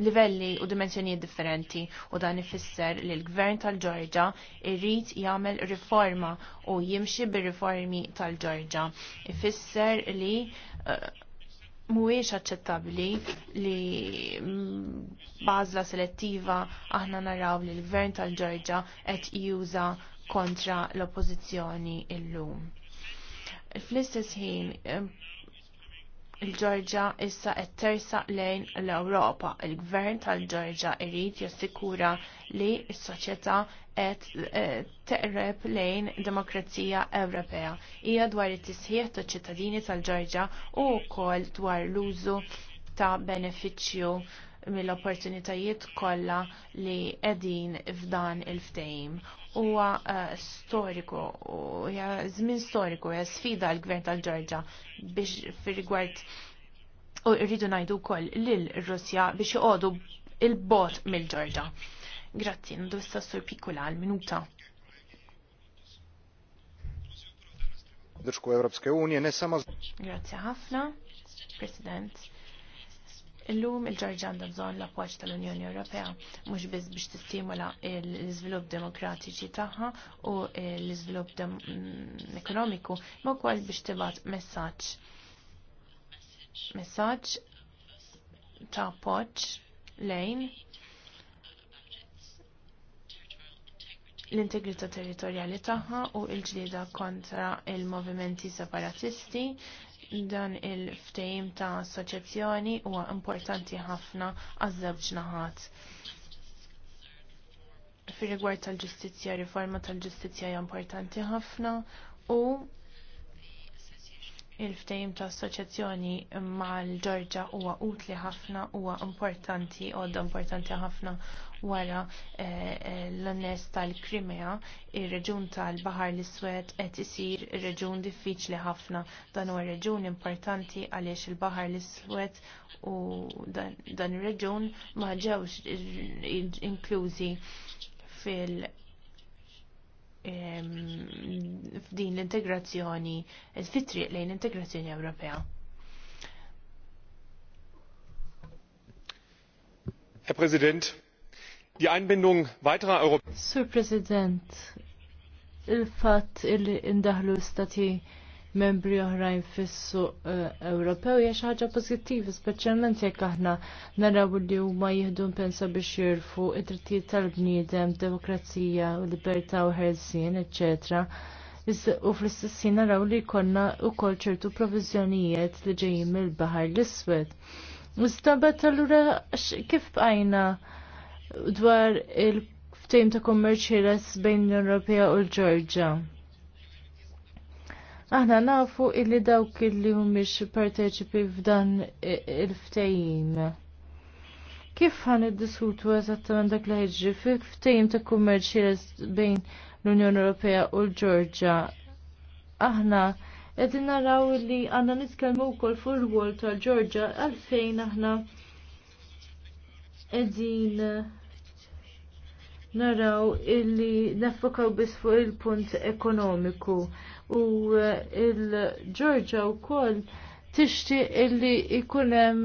livelli u dimensjonijiet differenti u dan ifisser li l-gvern tal-Ġorġa irrid jagħmel riforma u jimxi bir-riformi tal-Ġorġa. Ifisser li eh, mhuwiex aċċettabbli li bażla selettiva aħna naraw li l-gvern tal-Ġorġa qed juża kontra l-oppożizzjoni illum. Fl-istess ħin il-Ġorġa issa qed tersaq lejn l-Ewropa. Il-Gvern tal-Ġorġa irid jassikura li s-soċjetà qed e, teqreb lejn demokrazija Ewropea. Hija dwar it-tisħiħ taċ-ċittadini tal-Ġorġa u wkoll dwar l-użu ta' benefiċċju mill-opportunitajiet kollha li qegħdin f'dan il-ftehim. Huwa eh, storiku, hija żmien storiku, hija sfida l-Gvern tal-Ġorġa biex fir-rigward u rridu ngħidu wkoll lil Russja biex iqogħdu il-bot mill-Ġorġa. Grazzi, ndu issa sur pikula għal-minuta. Grazzi ħafna, President Illum il ġarġan għandha bżonn l-appoġġ tal-Unjoni Ewropea mhux biss biex tistimula l-iżvilupp demokratiċi tagħha u l-iżvilupp mm, ekonomiku, ma wkoll biex tibgħat messaġġ messaġġ ta' appoġġ lejn l-integrità territorjali tagħha u l-ġlieda kontra il-movimenti separatisti dan il-ftejim ta' assoċjazzjoni huwa importanti ħafna għaż-żewġ naħat. Fir-rigward tal-ġustizzja, riforma tal-ġustizzja hija importanti ħafna u il-ftejim ta' assoċjazzjoni mal-ġorġa huwa utli ħafna, huwa importanti, għodda importanti ħafna wara eh, eh, l-onnes tal-Krimea, ir-reġun tal-Bahar l-Iswed qed isir reġun diffiċli ħafna. Dan huwa reġun importanti għaliex il-Bahar l-Iswed u dan ir-reġun ma ġewx inklużi fil- f'din l-integrazzjoni, fitri lejn l integrazzjoni Ewropea. Herr Präsident, die Einbindung weiterer Europäer. Sir President, il fat il indahlu stati membri oħrajn fissu suq eh, Ewropew hija xi ħaġa pożittiva, speċjalment jekk aħna naraw li huma jieħdu pensa biex jirfu id-drittijiet tal-bniedem, demokrazija u libertà u ħelsien, eċċetera. U fl-istess ħin naraw li jkollna wkoll ċertu proviżjonijiet li ġejjin mill-Baħar l-Iswed. Iżda allura kif bqajna dwar il-ftejm ta' kummerċ ħieles bejn l-Ewropea u l-Ġorġa? Aħna nafu illi dawk illi mhumiex parteċipi f'dan il-ftehim. Kif ħan id-dissutu iddiskutu eżattament dak li ħiġri f'ftehim ta' kummerċi bejn l-Unjoni Ewropea u l-Ġorġa? Aħna qegħdin naraw li għandna nitkellmu wkoll fuq il-wol tal-Ġorġa għalfejn aħna qegħdin naraw illi neffokaw bis fuq il-punt ekonomiku u eh, il ġorġa u koll tishti illi ikunem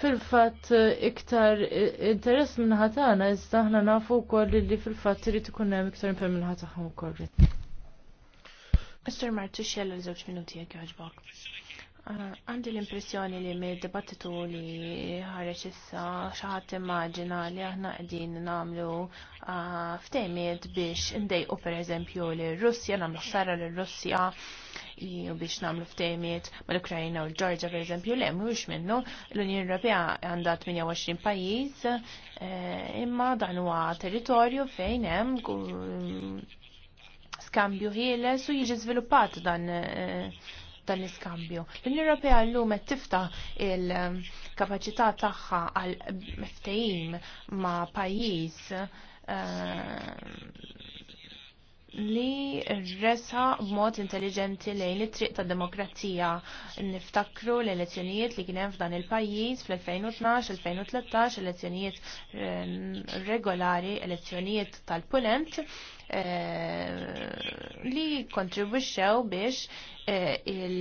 fil-fat eh, iktar eh, interess minn ħatana, iżda ħna nafu wkoll li fil-fat irid ikun hemm iktar imper minn u ukoll. Mr. Martu l żewġ minuti jekk jogħġbok. Għandi l-impressjoni li mid dibattitu li ħareċ issa xaħat immaġina li aħna qegħdin nagħmlu ah, ftemiet biex ndejqu pereżempju li Russja nagħmlu ħsara li Russja u biex nagħmlu ftemiet mal-Ukrajna u l-Ġorġa pereżempju għemmu mhuwiex minnu l-Unjoni Ewropea għandha 28 pajjiż eh, imma dan huwa territorju fejn hemm skambju ħieles u jiġi żviluppat dan eh, dan l-iskambju. L-Unjoni Ewropea llum qed tiftaħ il-kapaċità tagħha għal ftehim ma' pajjiż eh, li rresa b'mod intelligenti lejn it-triq ta' demokrazija. Niftakru l-elezzjonijiet li kienem f'dan il-pajjiż fl-2012-2013, elezzjonijiet eh, regolari, elezzjonijiet tal-punent, eh, li kontribuxxew biex eh, il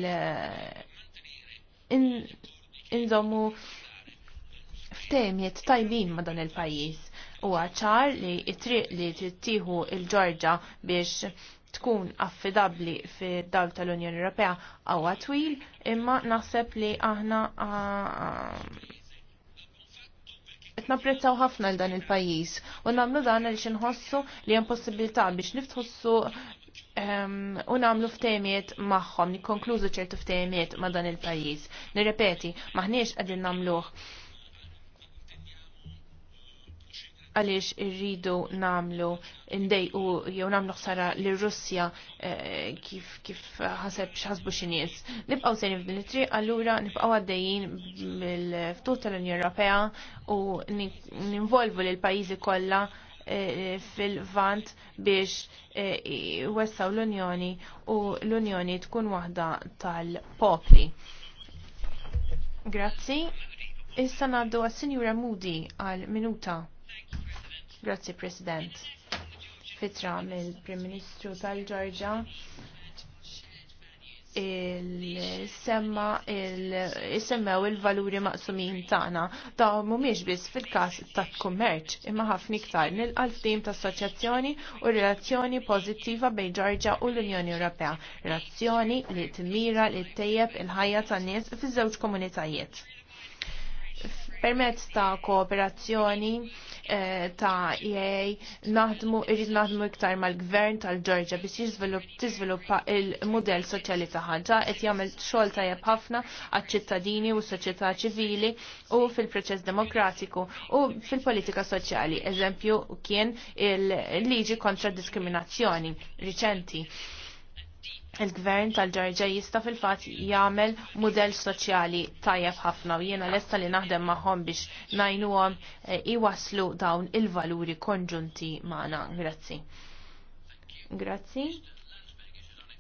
inżommu ftejmiet tajbin ma' dan il-pajjiż huwa ċar li it-triq li trittieħu il-Ġorġa biex tkun affidabli fi dawl tal-Unjoni Ewropea għawa twil, imma naħseb li aħna Etnapprezzaw ħafna l dan il-pajis u namlu dan li xinħossu li jen possibilità biex niftħossu u namlu ftemiet maħħom, nikonkluzu ċertu ftemiet ma dan il-pajis. Nirrepeti, maħniex għadin namluħ għaliex irridu namlu ndejqu jew namlu ħsara l Russja eh, kif kif ħaseb xħasbu xinies. Nibqgħu sejni f'din it-triq, allura nibqgħu għaddejjin mill-ftut tal-Unjoni Ewropea u ninvolvu l pajjiżi kollha eh, fil-vant biex eh, wessaw l-Unjoni u l-Unjoni tkun waħda tal-popli. Grazzi. Issa naddu għas-Sinjura Moody għal minuta. Grazzi President. Fitra mill-Prim Ministru tal-Ġorġa il-semma il-semmew il-valuri maqsumin tagħna ta' mhumiex biss fil-każ ta' kummerċ imma ħafna iktar nilqal-tim ta' assoċjazzjoni u relazzjoni pożittiva bejn Ġorġa u l-Unjoni Ewropea, relazzjoni li tmira li tejjeb il-ħajja tan-nies fiż-żewġ komunitajiet permezz ta' kooperazzjoni eh, ta' EA naħdmu irrid naħdmu iktar mal-gvern tal-Ġorġa biex jiżviluppa il-modell soċjali tagħha ġa qed jagħmel xogħol tajjeb ħafna għaċ-ċittadini u s-soċjetà ċivili u fil-proċess demokratiku u fil-politika soċjali. Eżempju kien il-liġi kontra diskriminazzjoni riċenti il-gvern tal-ġarġa jista fil-fat jagħmel mudell soċjali tajjeb ħafna u jiena lesta li naħdem magħhom biex najnuhom eh, iwaslu dawn il-valuri konġunti magħna. Grazzi. Grazzi.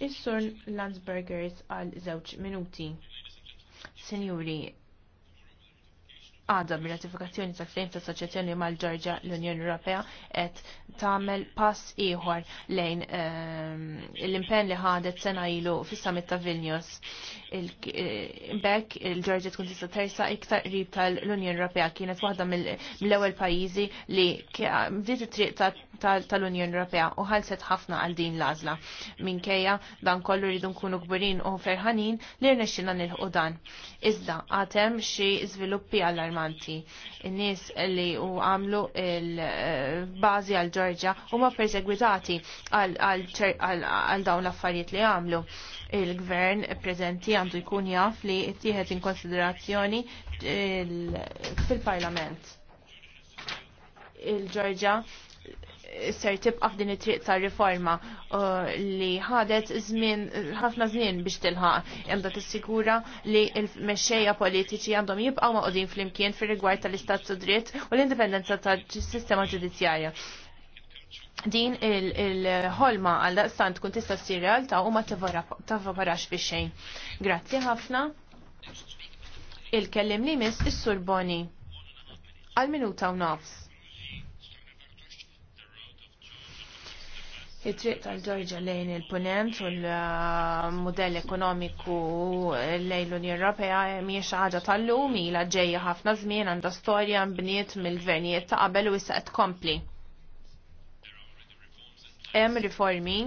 Is-sur Landsbergers għal żewġ minuti. Sinjuri, għadha bir-ratifikazzjoni ta' frame ta' soċjazzjoni mal-Ġorġa l-Unjoni Ewropea qed tagħmel pass ieħor lejn ehm, l-impenn li ħadet sena ilu fis-summit ta' Vilnius. Eh, bekk il-Ġorġa tkun tista' tersa iktar qrib tal-Unjoni Ewropea kienet waħda mill-ewwel pajjiżi li bdiet it-triq tal-Unjoni Ewropea u ħalset ħafna għal din l-għażla. Minkejja dan kollu rridu nkunu kburin u ferħanin li rnexxina nilħu dan. Iżda għatem xi żviluppi allarm allarmanti. In-nies li u għamlu il-bazi għal u huma perseguitati għal dawn l-affarijiet li għamlu. Il-gvern preżenti għandu jkun jaf li ittieħed in konsiderazzjoni fil-parlament. il ġorġa ser tibqa' f'din it-triq ta' riforma uh, li ħadet żmien ħafna żmien biex tilħaq għandha tissigura li l-mexxejja politiċi għandhom jibqgħu maqudin flimkien fir-rigward tal-istat dritt u l-indipendenza tas sistema ġudizzjarja. Din il-ħolma għal daqstant tkun tista' ssir realtà u ma tavvaparax biex xejn. Grazzi ħafna. Il-kellim li miss is-Surboni. Għal minuta u nofs. it-triq tal-ġorġa lejn il-punent u uh, l-modell ekonomiku lejn l-Unjoni Ewropea miex ħaġa tal-lum ila ġejja ħafna żmien għandha storja mbniet mill-gvernijiet ta' qabel u issa qed tkompli. Hemm riformi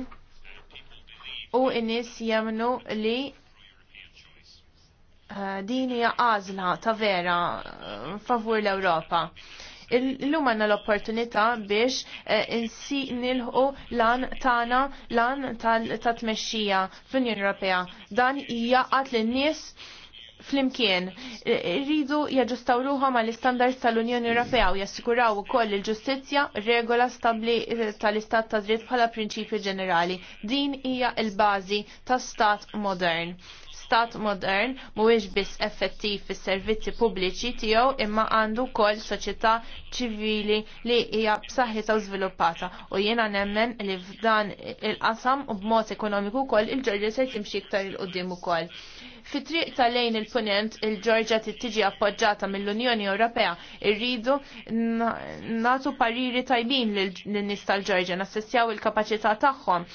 u n-nies jemnu li uh, din hija għażla ta' vera uh, favur l-Ewropa. Illum għanna l-opportunità biex eh, insi nilħu lan tana, lan tal-tmexxija fl-Unjoni Ewropea. Dan jaqat l-nies flimkien rridu jaġustaw ruħom għal standards tal-Unjoni Ewropea u jassikuraw ukoll il-ġustizzja regola stabbli eh, tal-istat ta' dritt bħala prinċipju ġenerali. Din hija l-bażi ta' stat modern stat modern mhuwiex biss effettiv fis-servizzi pubbliċi tiegħu imma għandu wkoll soċjetà ċivili li hija b'saħħitha u żviluppata u jiena nemmen li f'dan il-qasam u b'mod ekonomiku wkoll il ġorġa se timxi iktar il qudiem ukoll. Fit-triq tal lejn il-punent il ġorġa tiġi appoġġata mill-Unjoni Ewropea irridu nagħtu pariri tajbin lin-nies tal ġorġa nassessjaw il-kapaċità tagħhom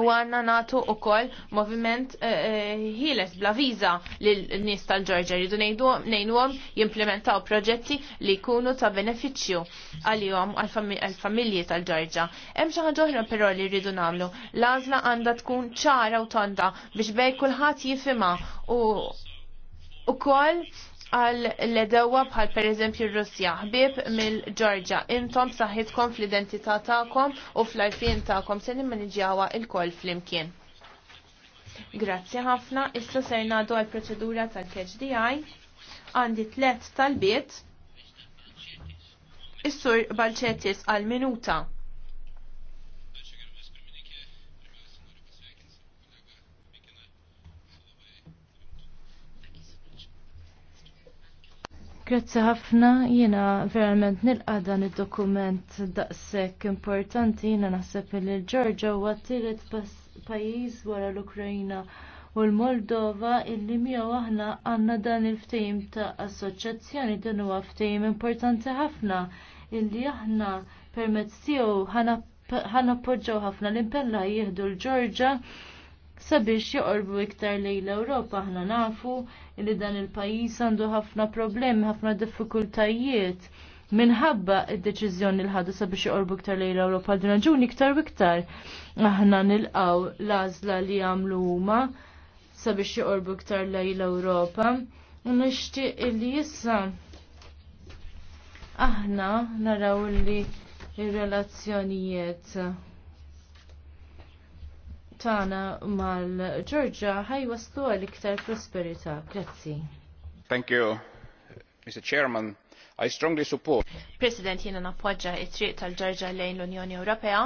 u għanna natu u koll moviment eh, eh, ħiles bla viza l-nis tal-ġorġa rridu nejnu għom jimplementaw proġetti li jkunu ta' beneficju għal-jom għal-familji tal-ġorġa. Hemm xi ħaġa oħra però li rridu nagħmlu. L-għażla għandha tkun ċara u tonda biex bej kulħadd jifhimha u koll għal l-edewa bħal per eżempju Russja, ħbib mill-Ġorġa, intom saħitkom fl-identità ta'kom u fl-arfin ta'kom se nimmaniġjawa il-koll fl-imkien. Grazzi ħafna, issa ser nadu għal proċedura tal-KHDI, għandi tlet tal-biet, is-sur Balċetis għal-minuta. Grazzi ħafna, jiena verament nilqa dan id-dokument daqshekk importanti, jiena naħseb li l u huwa tielet pajjiż wara l ukraina u l-Moldova illi miegħu aħna għandna dan il-ftehim ta' assoċjazzjoni dan huwa ftehim importanti ħafna illi aħna permezz tiegħu ħanappoġġaw ħafna l-impella jieħdu l-Ġorġa sabiex joqorbu iktar lejn l-Ewropa aħna nafu li dan il-pajjiż għandu ħafna problemi, ħafna diffikultajiet minħabba id-deċiżjoni li ħadu sabiex joqorbu iktar lejn l-Ewropa din raġuni iktar u iktar aħna nilqaw l-għażla li għamlu huma sabiex joqorbu iktar lejn l-Ewropa. U nixtieq li issa aħna naraw li ir-relazzjonijiet Tana mal-Ġorġa ħajwaslu għal iktar prosperità. Grazzi. Thank you, Mr. Chairman. I strongly support. President, jiena nappoġġa it-triq tal-Ġorġa lejn l-Unjoni Ewropea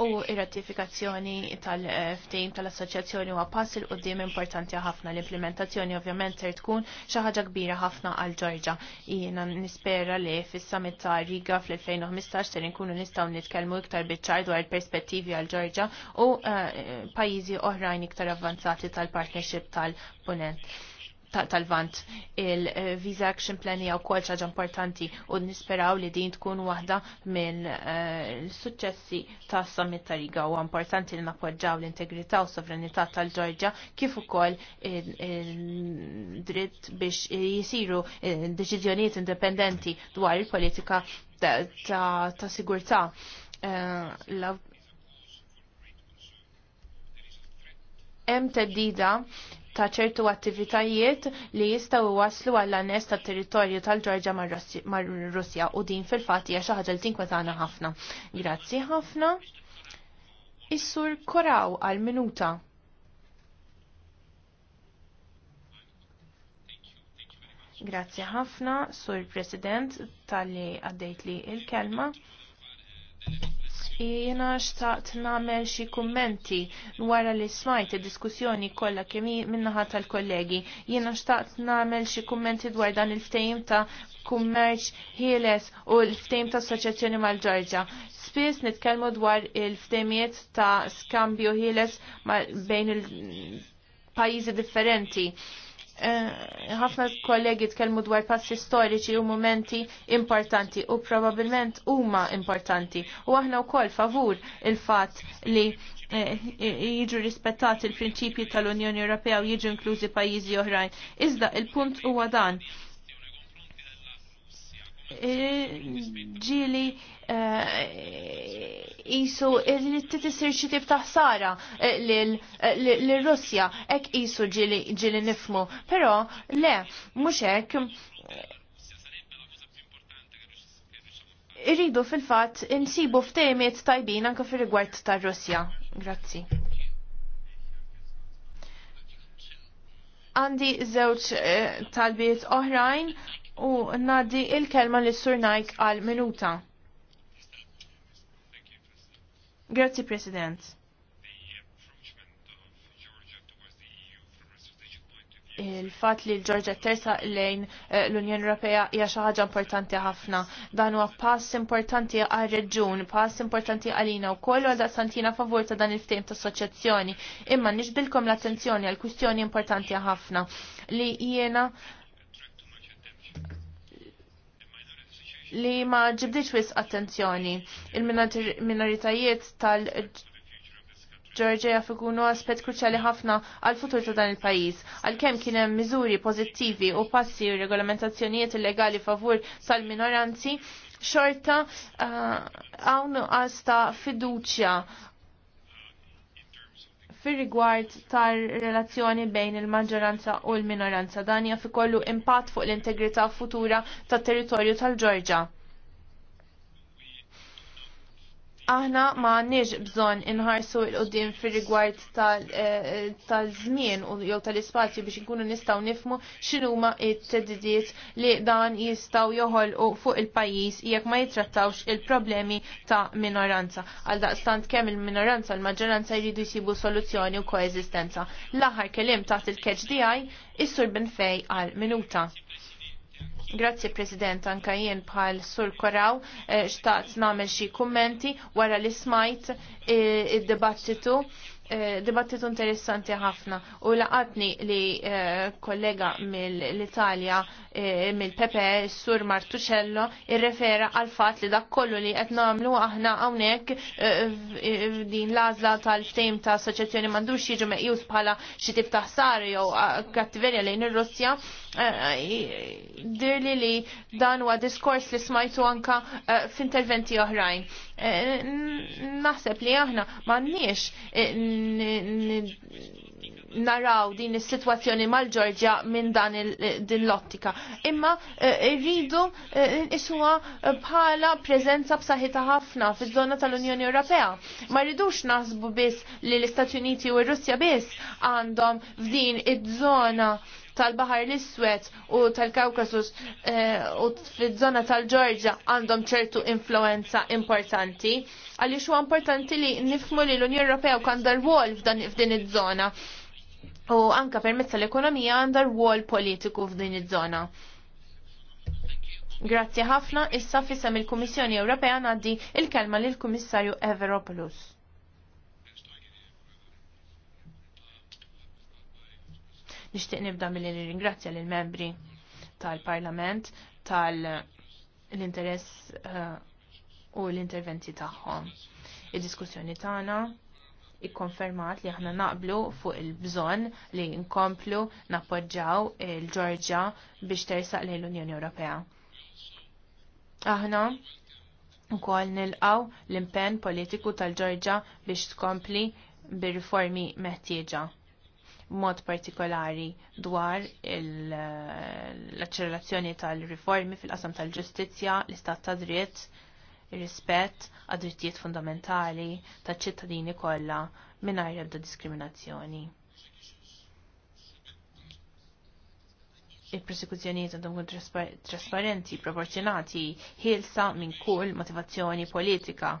U ir-ratifikazzjoni tal ftim tal-assoċjazzjoni huwa pass il qudiem importanti ħafna l-implementazzjoni ovvjament ser tkun xi ħaġa kbira ħafna għal Ġorġa. Jiena nispera li fis-summit ta' Riga fl-2015 ser inkunu nistgħu nitkellmu iktar biċċar dwar il-perspettivi għal Ġorġa u eh, pajjiżi oħrajn iktar avvanzati tal-partnership tal-Punent tal-vant il-Visa Action Plan hija wkoll ħaġa importanti u nisperaw li din tkun waħda minn eh, l-suċċessi ta' summit ta' Riga u importanti li napoġġaw l-integrità u sovranità tal-Ġorġja kif ukoll dritt biex jisiru eh, deċiżjonijiet indipendenti dwar il-politika ta' sigurtà eh, hemm teddida ta' ċertu attivitajiet li jistaw waslu għall nes ta' territorju tal-ġorġa mar russja u din fil-fat hija xi ħaġa li tinkwetana ħafna. Grazzi ħafna. Is-sur Koraw għal minuta. Grazzi ħafna, Sur President, tal-li għaddejt li il-kelma. Jiena xtaqt namel xi kummenti wara li smajt id-diskussjoni kollha kemm min-naħa tal-kollegi. Jiena xtaqt namel xi kummenti dwar dan il-ftehim ta' kummerċ ħieles u l-ftehim ta' assoċjazzjoni mal-Ġorġa. Spiss nitkellmu dwar il-ftehimiet ta' skambju ħieles bejn il-pajjiżi differenti. Eh, ħafna kollegi tkellmu dwar passi storiċi u momenti importanti u probabilment huma importanti. U aħna wkoll favur il-fatt li eh, jiġu rispettati il-prinċipji tal-Unjoni Ewropea u jiġu inklużi pajjiżi oħrajn. Iżda il-punt huwa dan Eh, eh, eh, ġili jisu il-tittisir xi tib taħsara l-Russja, ek jisu ġili nifmu. Però le, mhux hekk irridu fil-fatt insibu f'temiet tajbin anke fir-rigward tar-Russja. Grazzi. għandi zewċ talbiet oħrajn u nadi il-kelma li sur Nike għal minuta. Grazie President. il-fat li l georgia tersa lejn eh, l-Unjoni Ewropea hija xi ħaġa importanti ħafna. Dan huwa pass importanti għar-reġjun, pass importanti għalina wkoll għal santina favur ta' dan il-ftehim ta' soċjazzjoni. Imma nixbilkom l-attenzjoni għal kwistjoni importanti ħafna li jiena li ma ġibdiċ wis attenzjoni. Il-minoritajiet tal-Ġorġeja fikunu aspet kruċali ħafna għal futur ta' dan il-pajis, għal kem kienem miżuri pozittivi u passi u regolamentazzjonijiet illegali favur tal-minoranzi, xorta għawnu eh, uh, għasta fiduċja fir rigward tar-relazzjoni bejn il-maġġoranza u l-minoranza. Dan fi kollu impatt fuq l-integrità futura tat-territorju tal-Ġorġa aħna ma nix bżon inħarsu il-qoddim fir rigward eh, tal-żmien u jew tal-ispazju biex nkunu nistaw nifmu x'inhuma t teddidiet li dan jistaw joħolqu fuq il-pajjiż jekk ma jitrattawx il-problemi ta' minoranza. Għal daqstant kemm il-minoranza l-maġġoranza jridu jsibu soluzzjoni u koeżistenza. L-aħħar kelim taħt il-catch DI is-sur għal minuta. Grazzi President, anka jien bħal Sur Koraw, eh, xtaqt namel xi kummenti wara li smajt eh, id-dibattitu. Eh, dibattitu interessanti ħafna u laqatni li eh, kollega mill-Italja eh, mill-Pepe Sur Martucello irrefera għal fat li dak kollu li qed nagħmlu aħna hawnhekk din l-għażla tal ftehim ta' assoċjazzjoni m'għandux jiġu meqjus bħala xi tip ta' ħsar jew kattiverja lejn ir-Russja dirli li dan huwa diskors li smajtu anka f'interventi oħrajn. Naħseb li aħna m'għandniex naraw din is-sitwazzjoni mal-Ġorġja minn dan din l-ottika. Imma eh, rridu eh, isuwa bħala preżenza b'saħħitha ħafna fiż-żona tal-Unjoni Ewropea. Ma rridux naħsbu biss li l-Istati Uniti u r-Russja biss għandhom f'din iż-żona tal-Bahar l-Iswed u tal-Kaukasus eh, u fiż-żona tal-Ġorġja għandhom ċertu influenza importanti għaliex huwa importanti li nifmu li l-Unjoni Ewropea għandha rwol f'din id zona U anka permezz tal-ekonomija għandha rwol politiku f'din id żona Grazzi ħafna, issa fissam il-Kummissjoni Ewropea ngħaddi il-kelma lill kummissarju Everopoulos. Nixtieq nibda milli nirringrazzja lill membri tal-Parlament tal-interess uh, u l-interventi tagħhom. Id-diskussjoni tagħna ikkonfermat li aħna naqblu fuq il-bżonn li nkomplu nappoġġaw il ġorġja biex tersaq lejn l-Unjoni Ewropea. Aħna wkoll nilqgħu l-impenn politiku tal ġorġja biex tkompli bir-riformi meħtieġa mod partikolari dwar l-accelerazzjoni tal-riformi fil-qasam tal-ġustizja, l-istat ta' dritt, ir-rispett għad drittijiet fundamentali taċ ċittadini kollha mingħajr ebda diskriminazzjoni. Il-prosekuzzjonijiet għandhom kun trasparenti, proporzjonati, ħilsa minn kull motivazzjoni politika.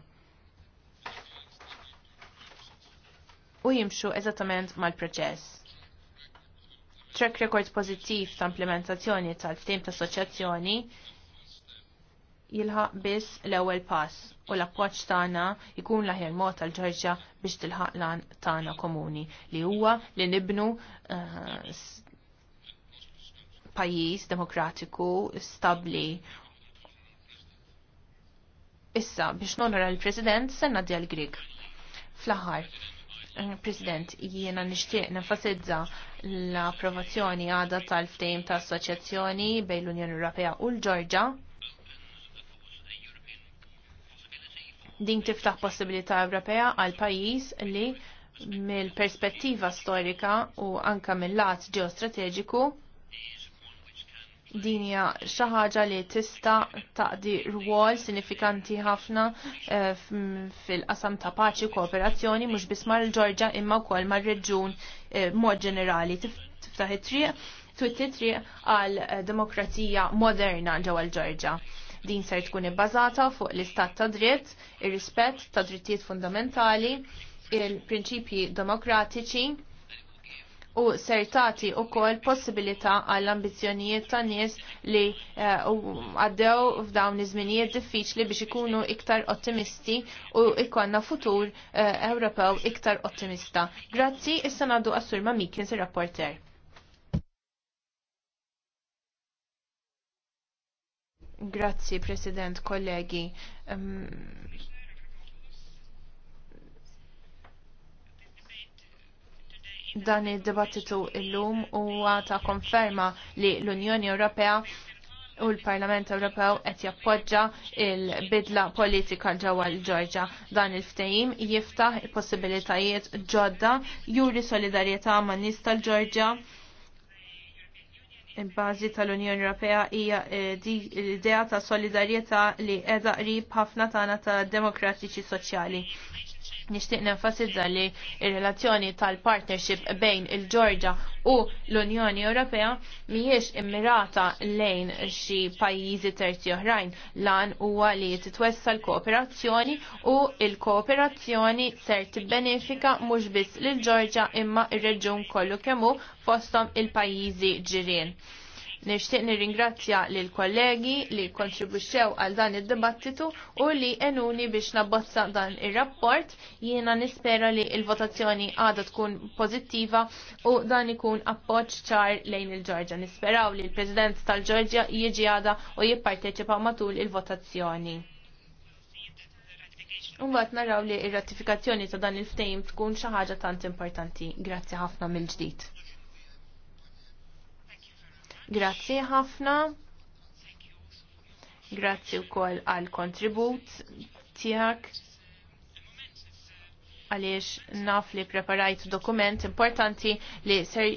U jimxu eżattament mal-proċess track record pozittiv ta' implementazzjoni tal-ftim ta' soċjazzjoni jilħaq biss l-ewwel pass u l-appoġġ tagħna jkun l-aħjar mod tal-Ġorġja biex tilħaq lan tagħna komuni li huwa li nibnu eh, pajjiż demokratiku stabbli. Issa biex nonora l-President senna di għal-Grig. Fl-aħħar, eh, President, jiena nixtieq nenfasizza l-approvazzjoni għada tal-ftejm ta' assoċjazzjoni bejn l-Unjoni Ewropea u l-Ġorġa Din tiftaħ possibilità Ewropea għal pajjiż li mill-perspettiva storika u anka mill-lat ġeostrateġiku din hija xi ħaġa li tista' taqdi rwol sinifikanti ħafna eh, fil-qasam ta' paċi u kooperazzjoni mhux biss mal-Ġorġa imma wkoll mar-reġjun eh, mod ġenerali tiftaħ it-triq twitti triq għal eh, demokrazija moderna ġewwa l-Ġorġa. Din ser tkun ibbażata fuq l-istat ta' dritt, ir-rispett ta' drittijiet fundamentali, il-prinċipji demokratiċi u ser tagħti wkoll possibilità għall ambizzjonijiet ta' nies li eh, għaddew uh, f'dawn iż-żminijiet diffiċli biex ikunu iktar ottimisti u ikonna futur uh, Ewropew iktar ottimista. Grazzi, issa ngħaddu għas-sur Mamikins ir-rapporter. Grazzi, President, kollegi. Um, dan id-dibattitu illum huwa ta' konferma li l-Unjoni Ewropea u l-Parlament Ewropew qed jappoġġa il-bidla politika ġewwa l-Ġorġa. Dan il-ftehim jiftaħ il possibilitajiet ġodda juri solidarjetà man nies tal-Ġorġa il-bazi tal-Unjoni Ewropea hija eh, l-idea ta' solidarjetà li qiegħda qrib ħafna tagħna ta' demokratiċi soċjali nixtieq nenfasizza li il relazzjoni tal-partnership bejn il-Ġorġa u l-Unjoni Ewropea mhijiex immirata lejn xi pajjiżi terzi oħrajn lan huwa li titwessa l-kooperazzjoni u l-kooperazzjoni ser tibbenefika mhux biss lil Ġorġa imma ir-reġjun kollu kemm hu fosthom il-pajjiżi ġirien. Nixtieq nirringrazzja l kollegi li kontribwixxew għal dan id-dibattitu u li enuni biex nabbozza dan ir-rapport. Jiena nispera li l-votazzjoni għadha tkun pożittiva u dan ikun appoġġ ċar lejn il ġorġa Nisperaw li l-President tal ġorġa jiġi għadha u jipparteċipa matul il-votazzjoni. Unbat naraw li il ratifikazzjoni ta' dan il-ftejm tkun xi ħaġa tant importanti. Grazzi ħafna mill-ġdid. Grazzi ħafna. Grazzi wkoll għal kontribut tiegħek għaliex naf li preparajt dokument importanti li ser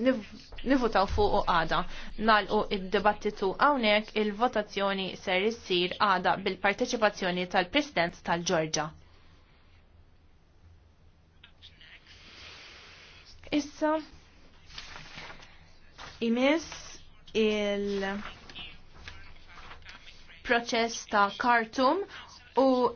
nivutaw fuq u għada. Nalqu id-debattitu għawnek il-votazzjoni ser issir għada bil-parteċipazzjoni tal-President tal-Ġorġa. Issa, imis il-proċess ta' Khartoum u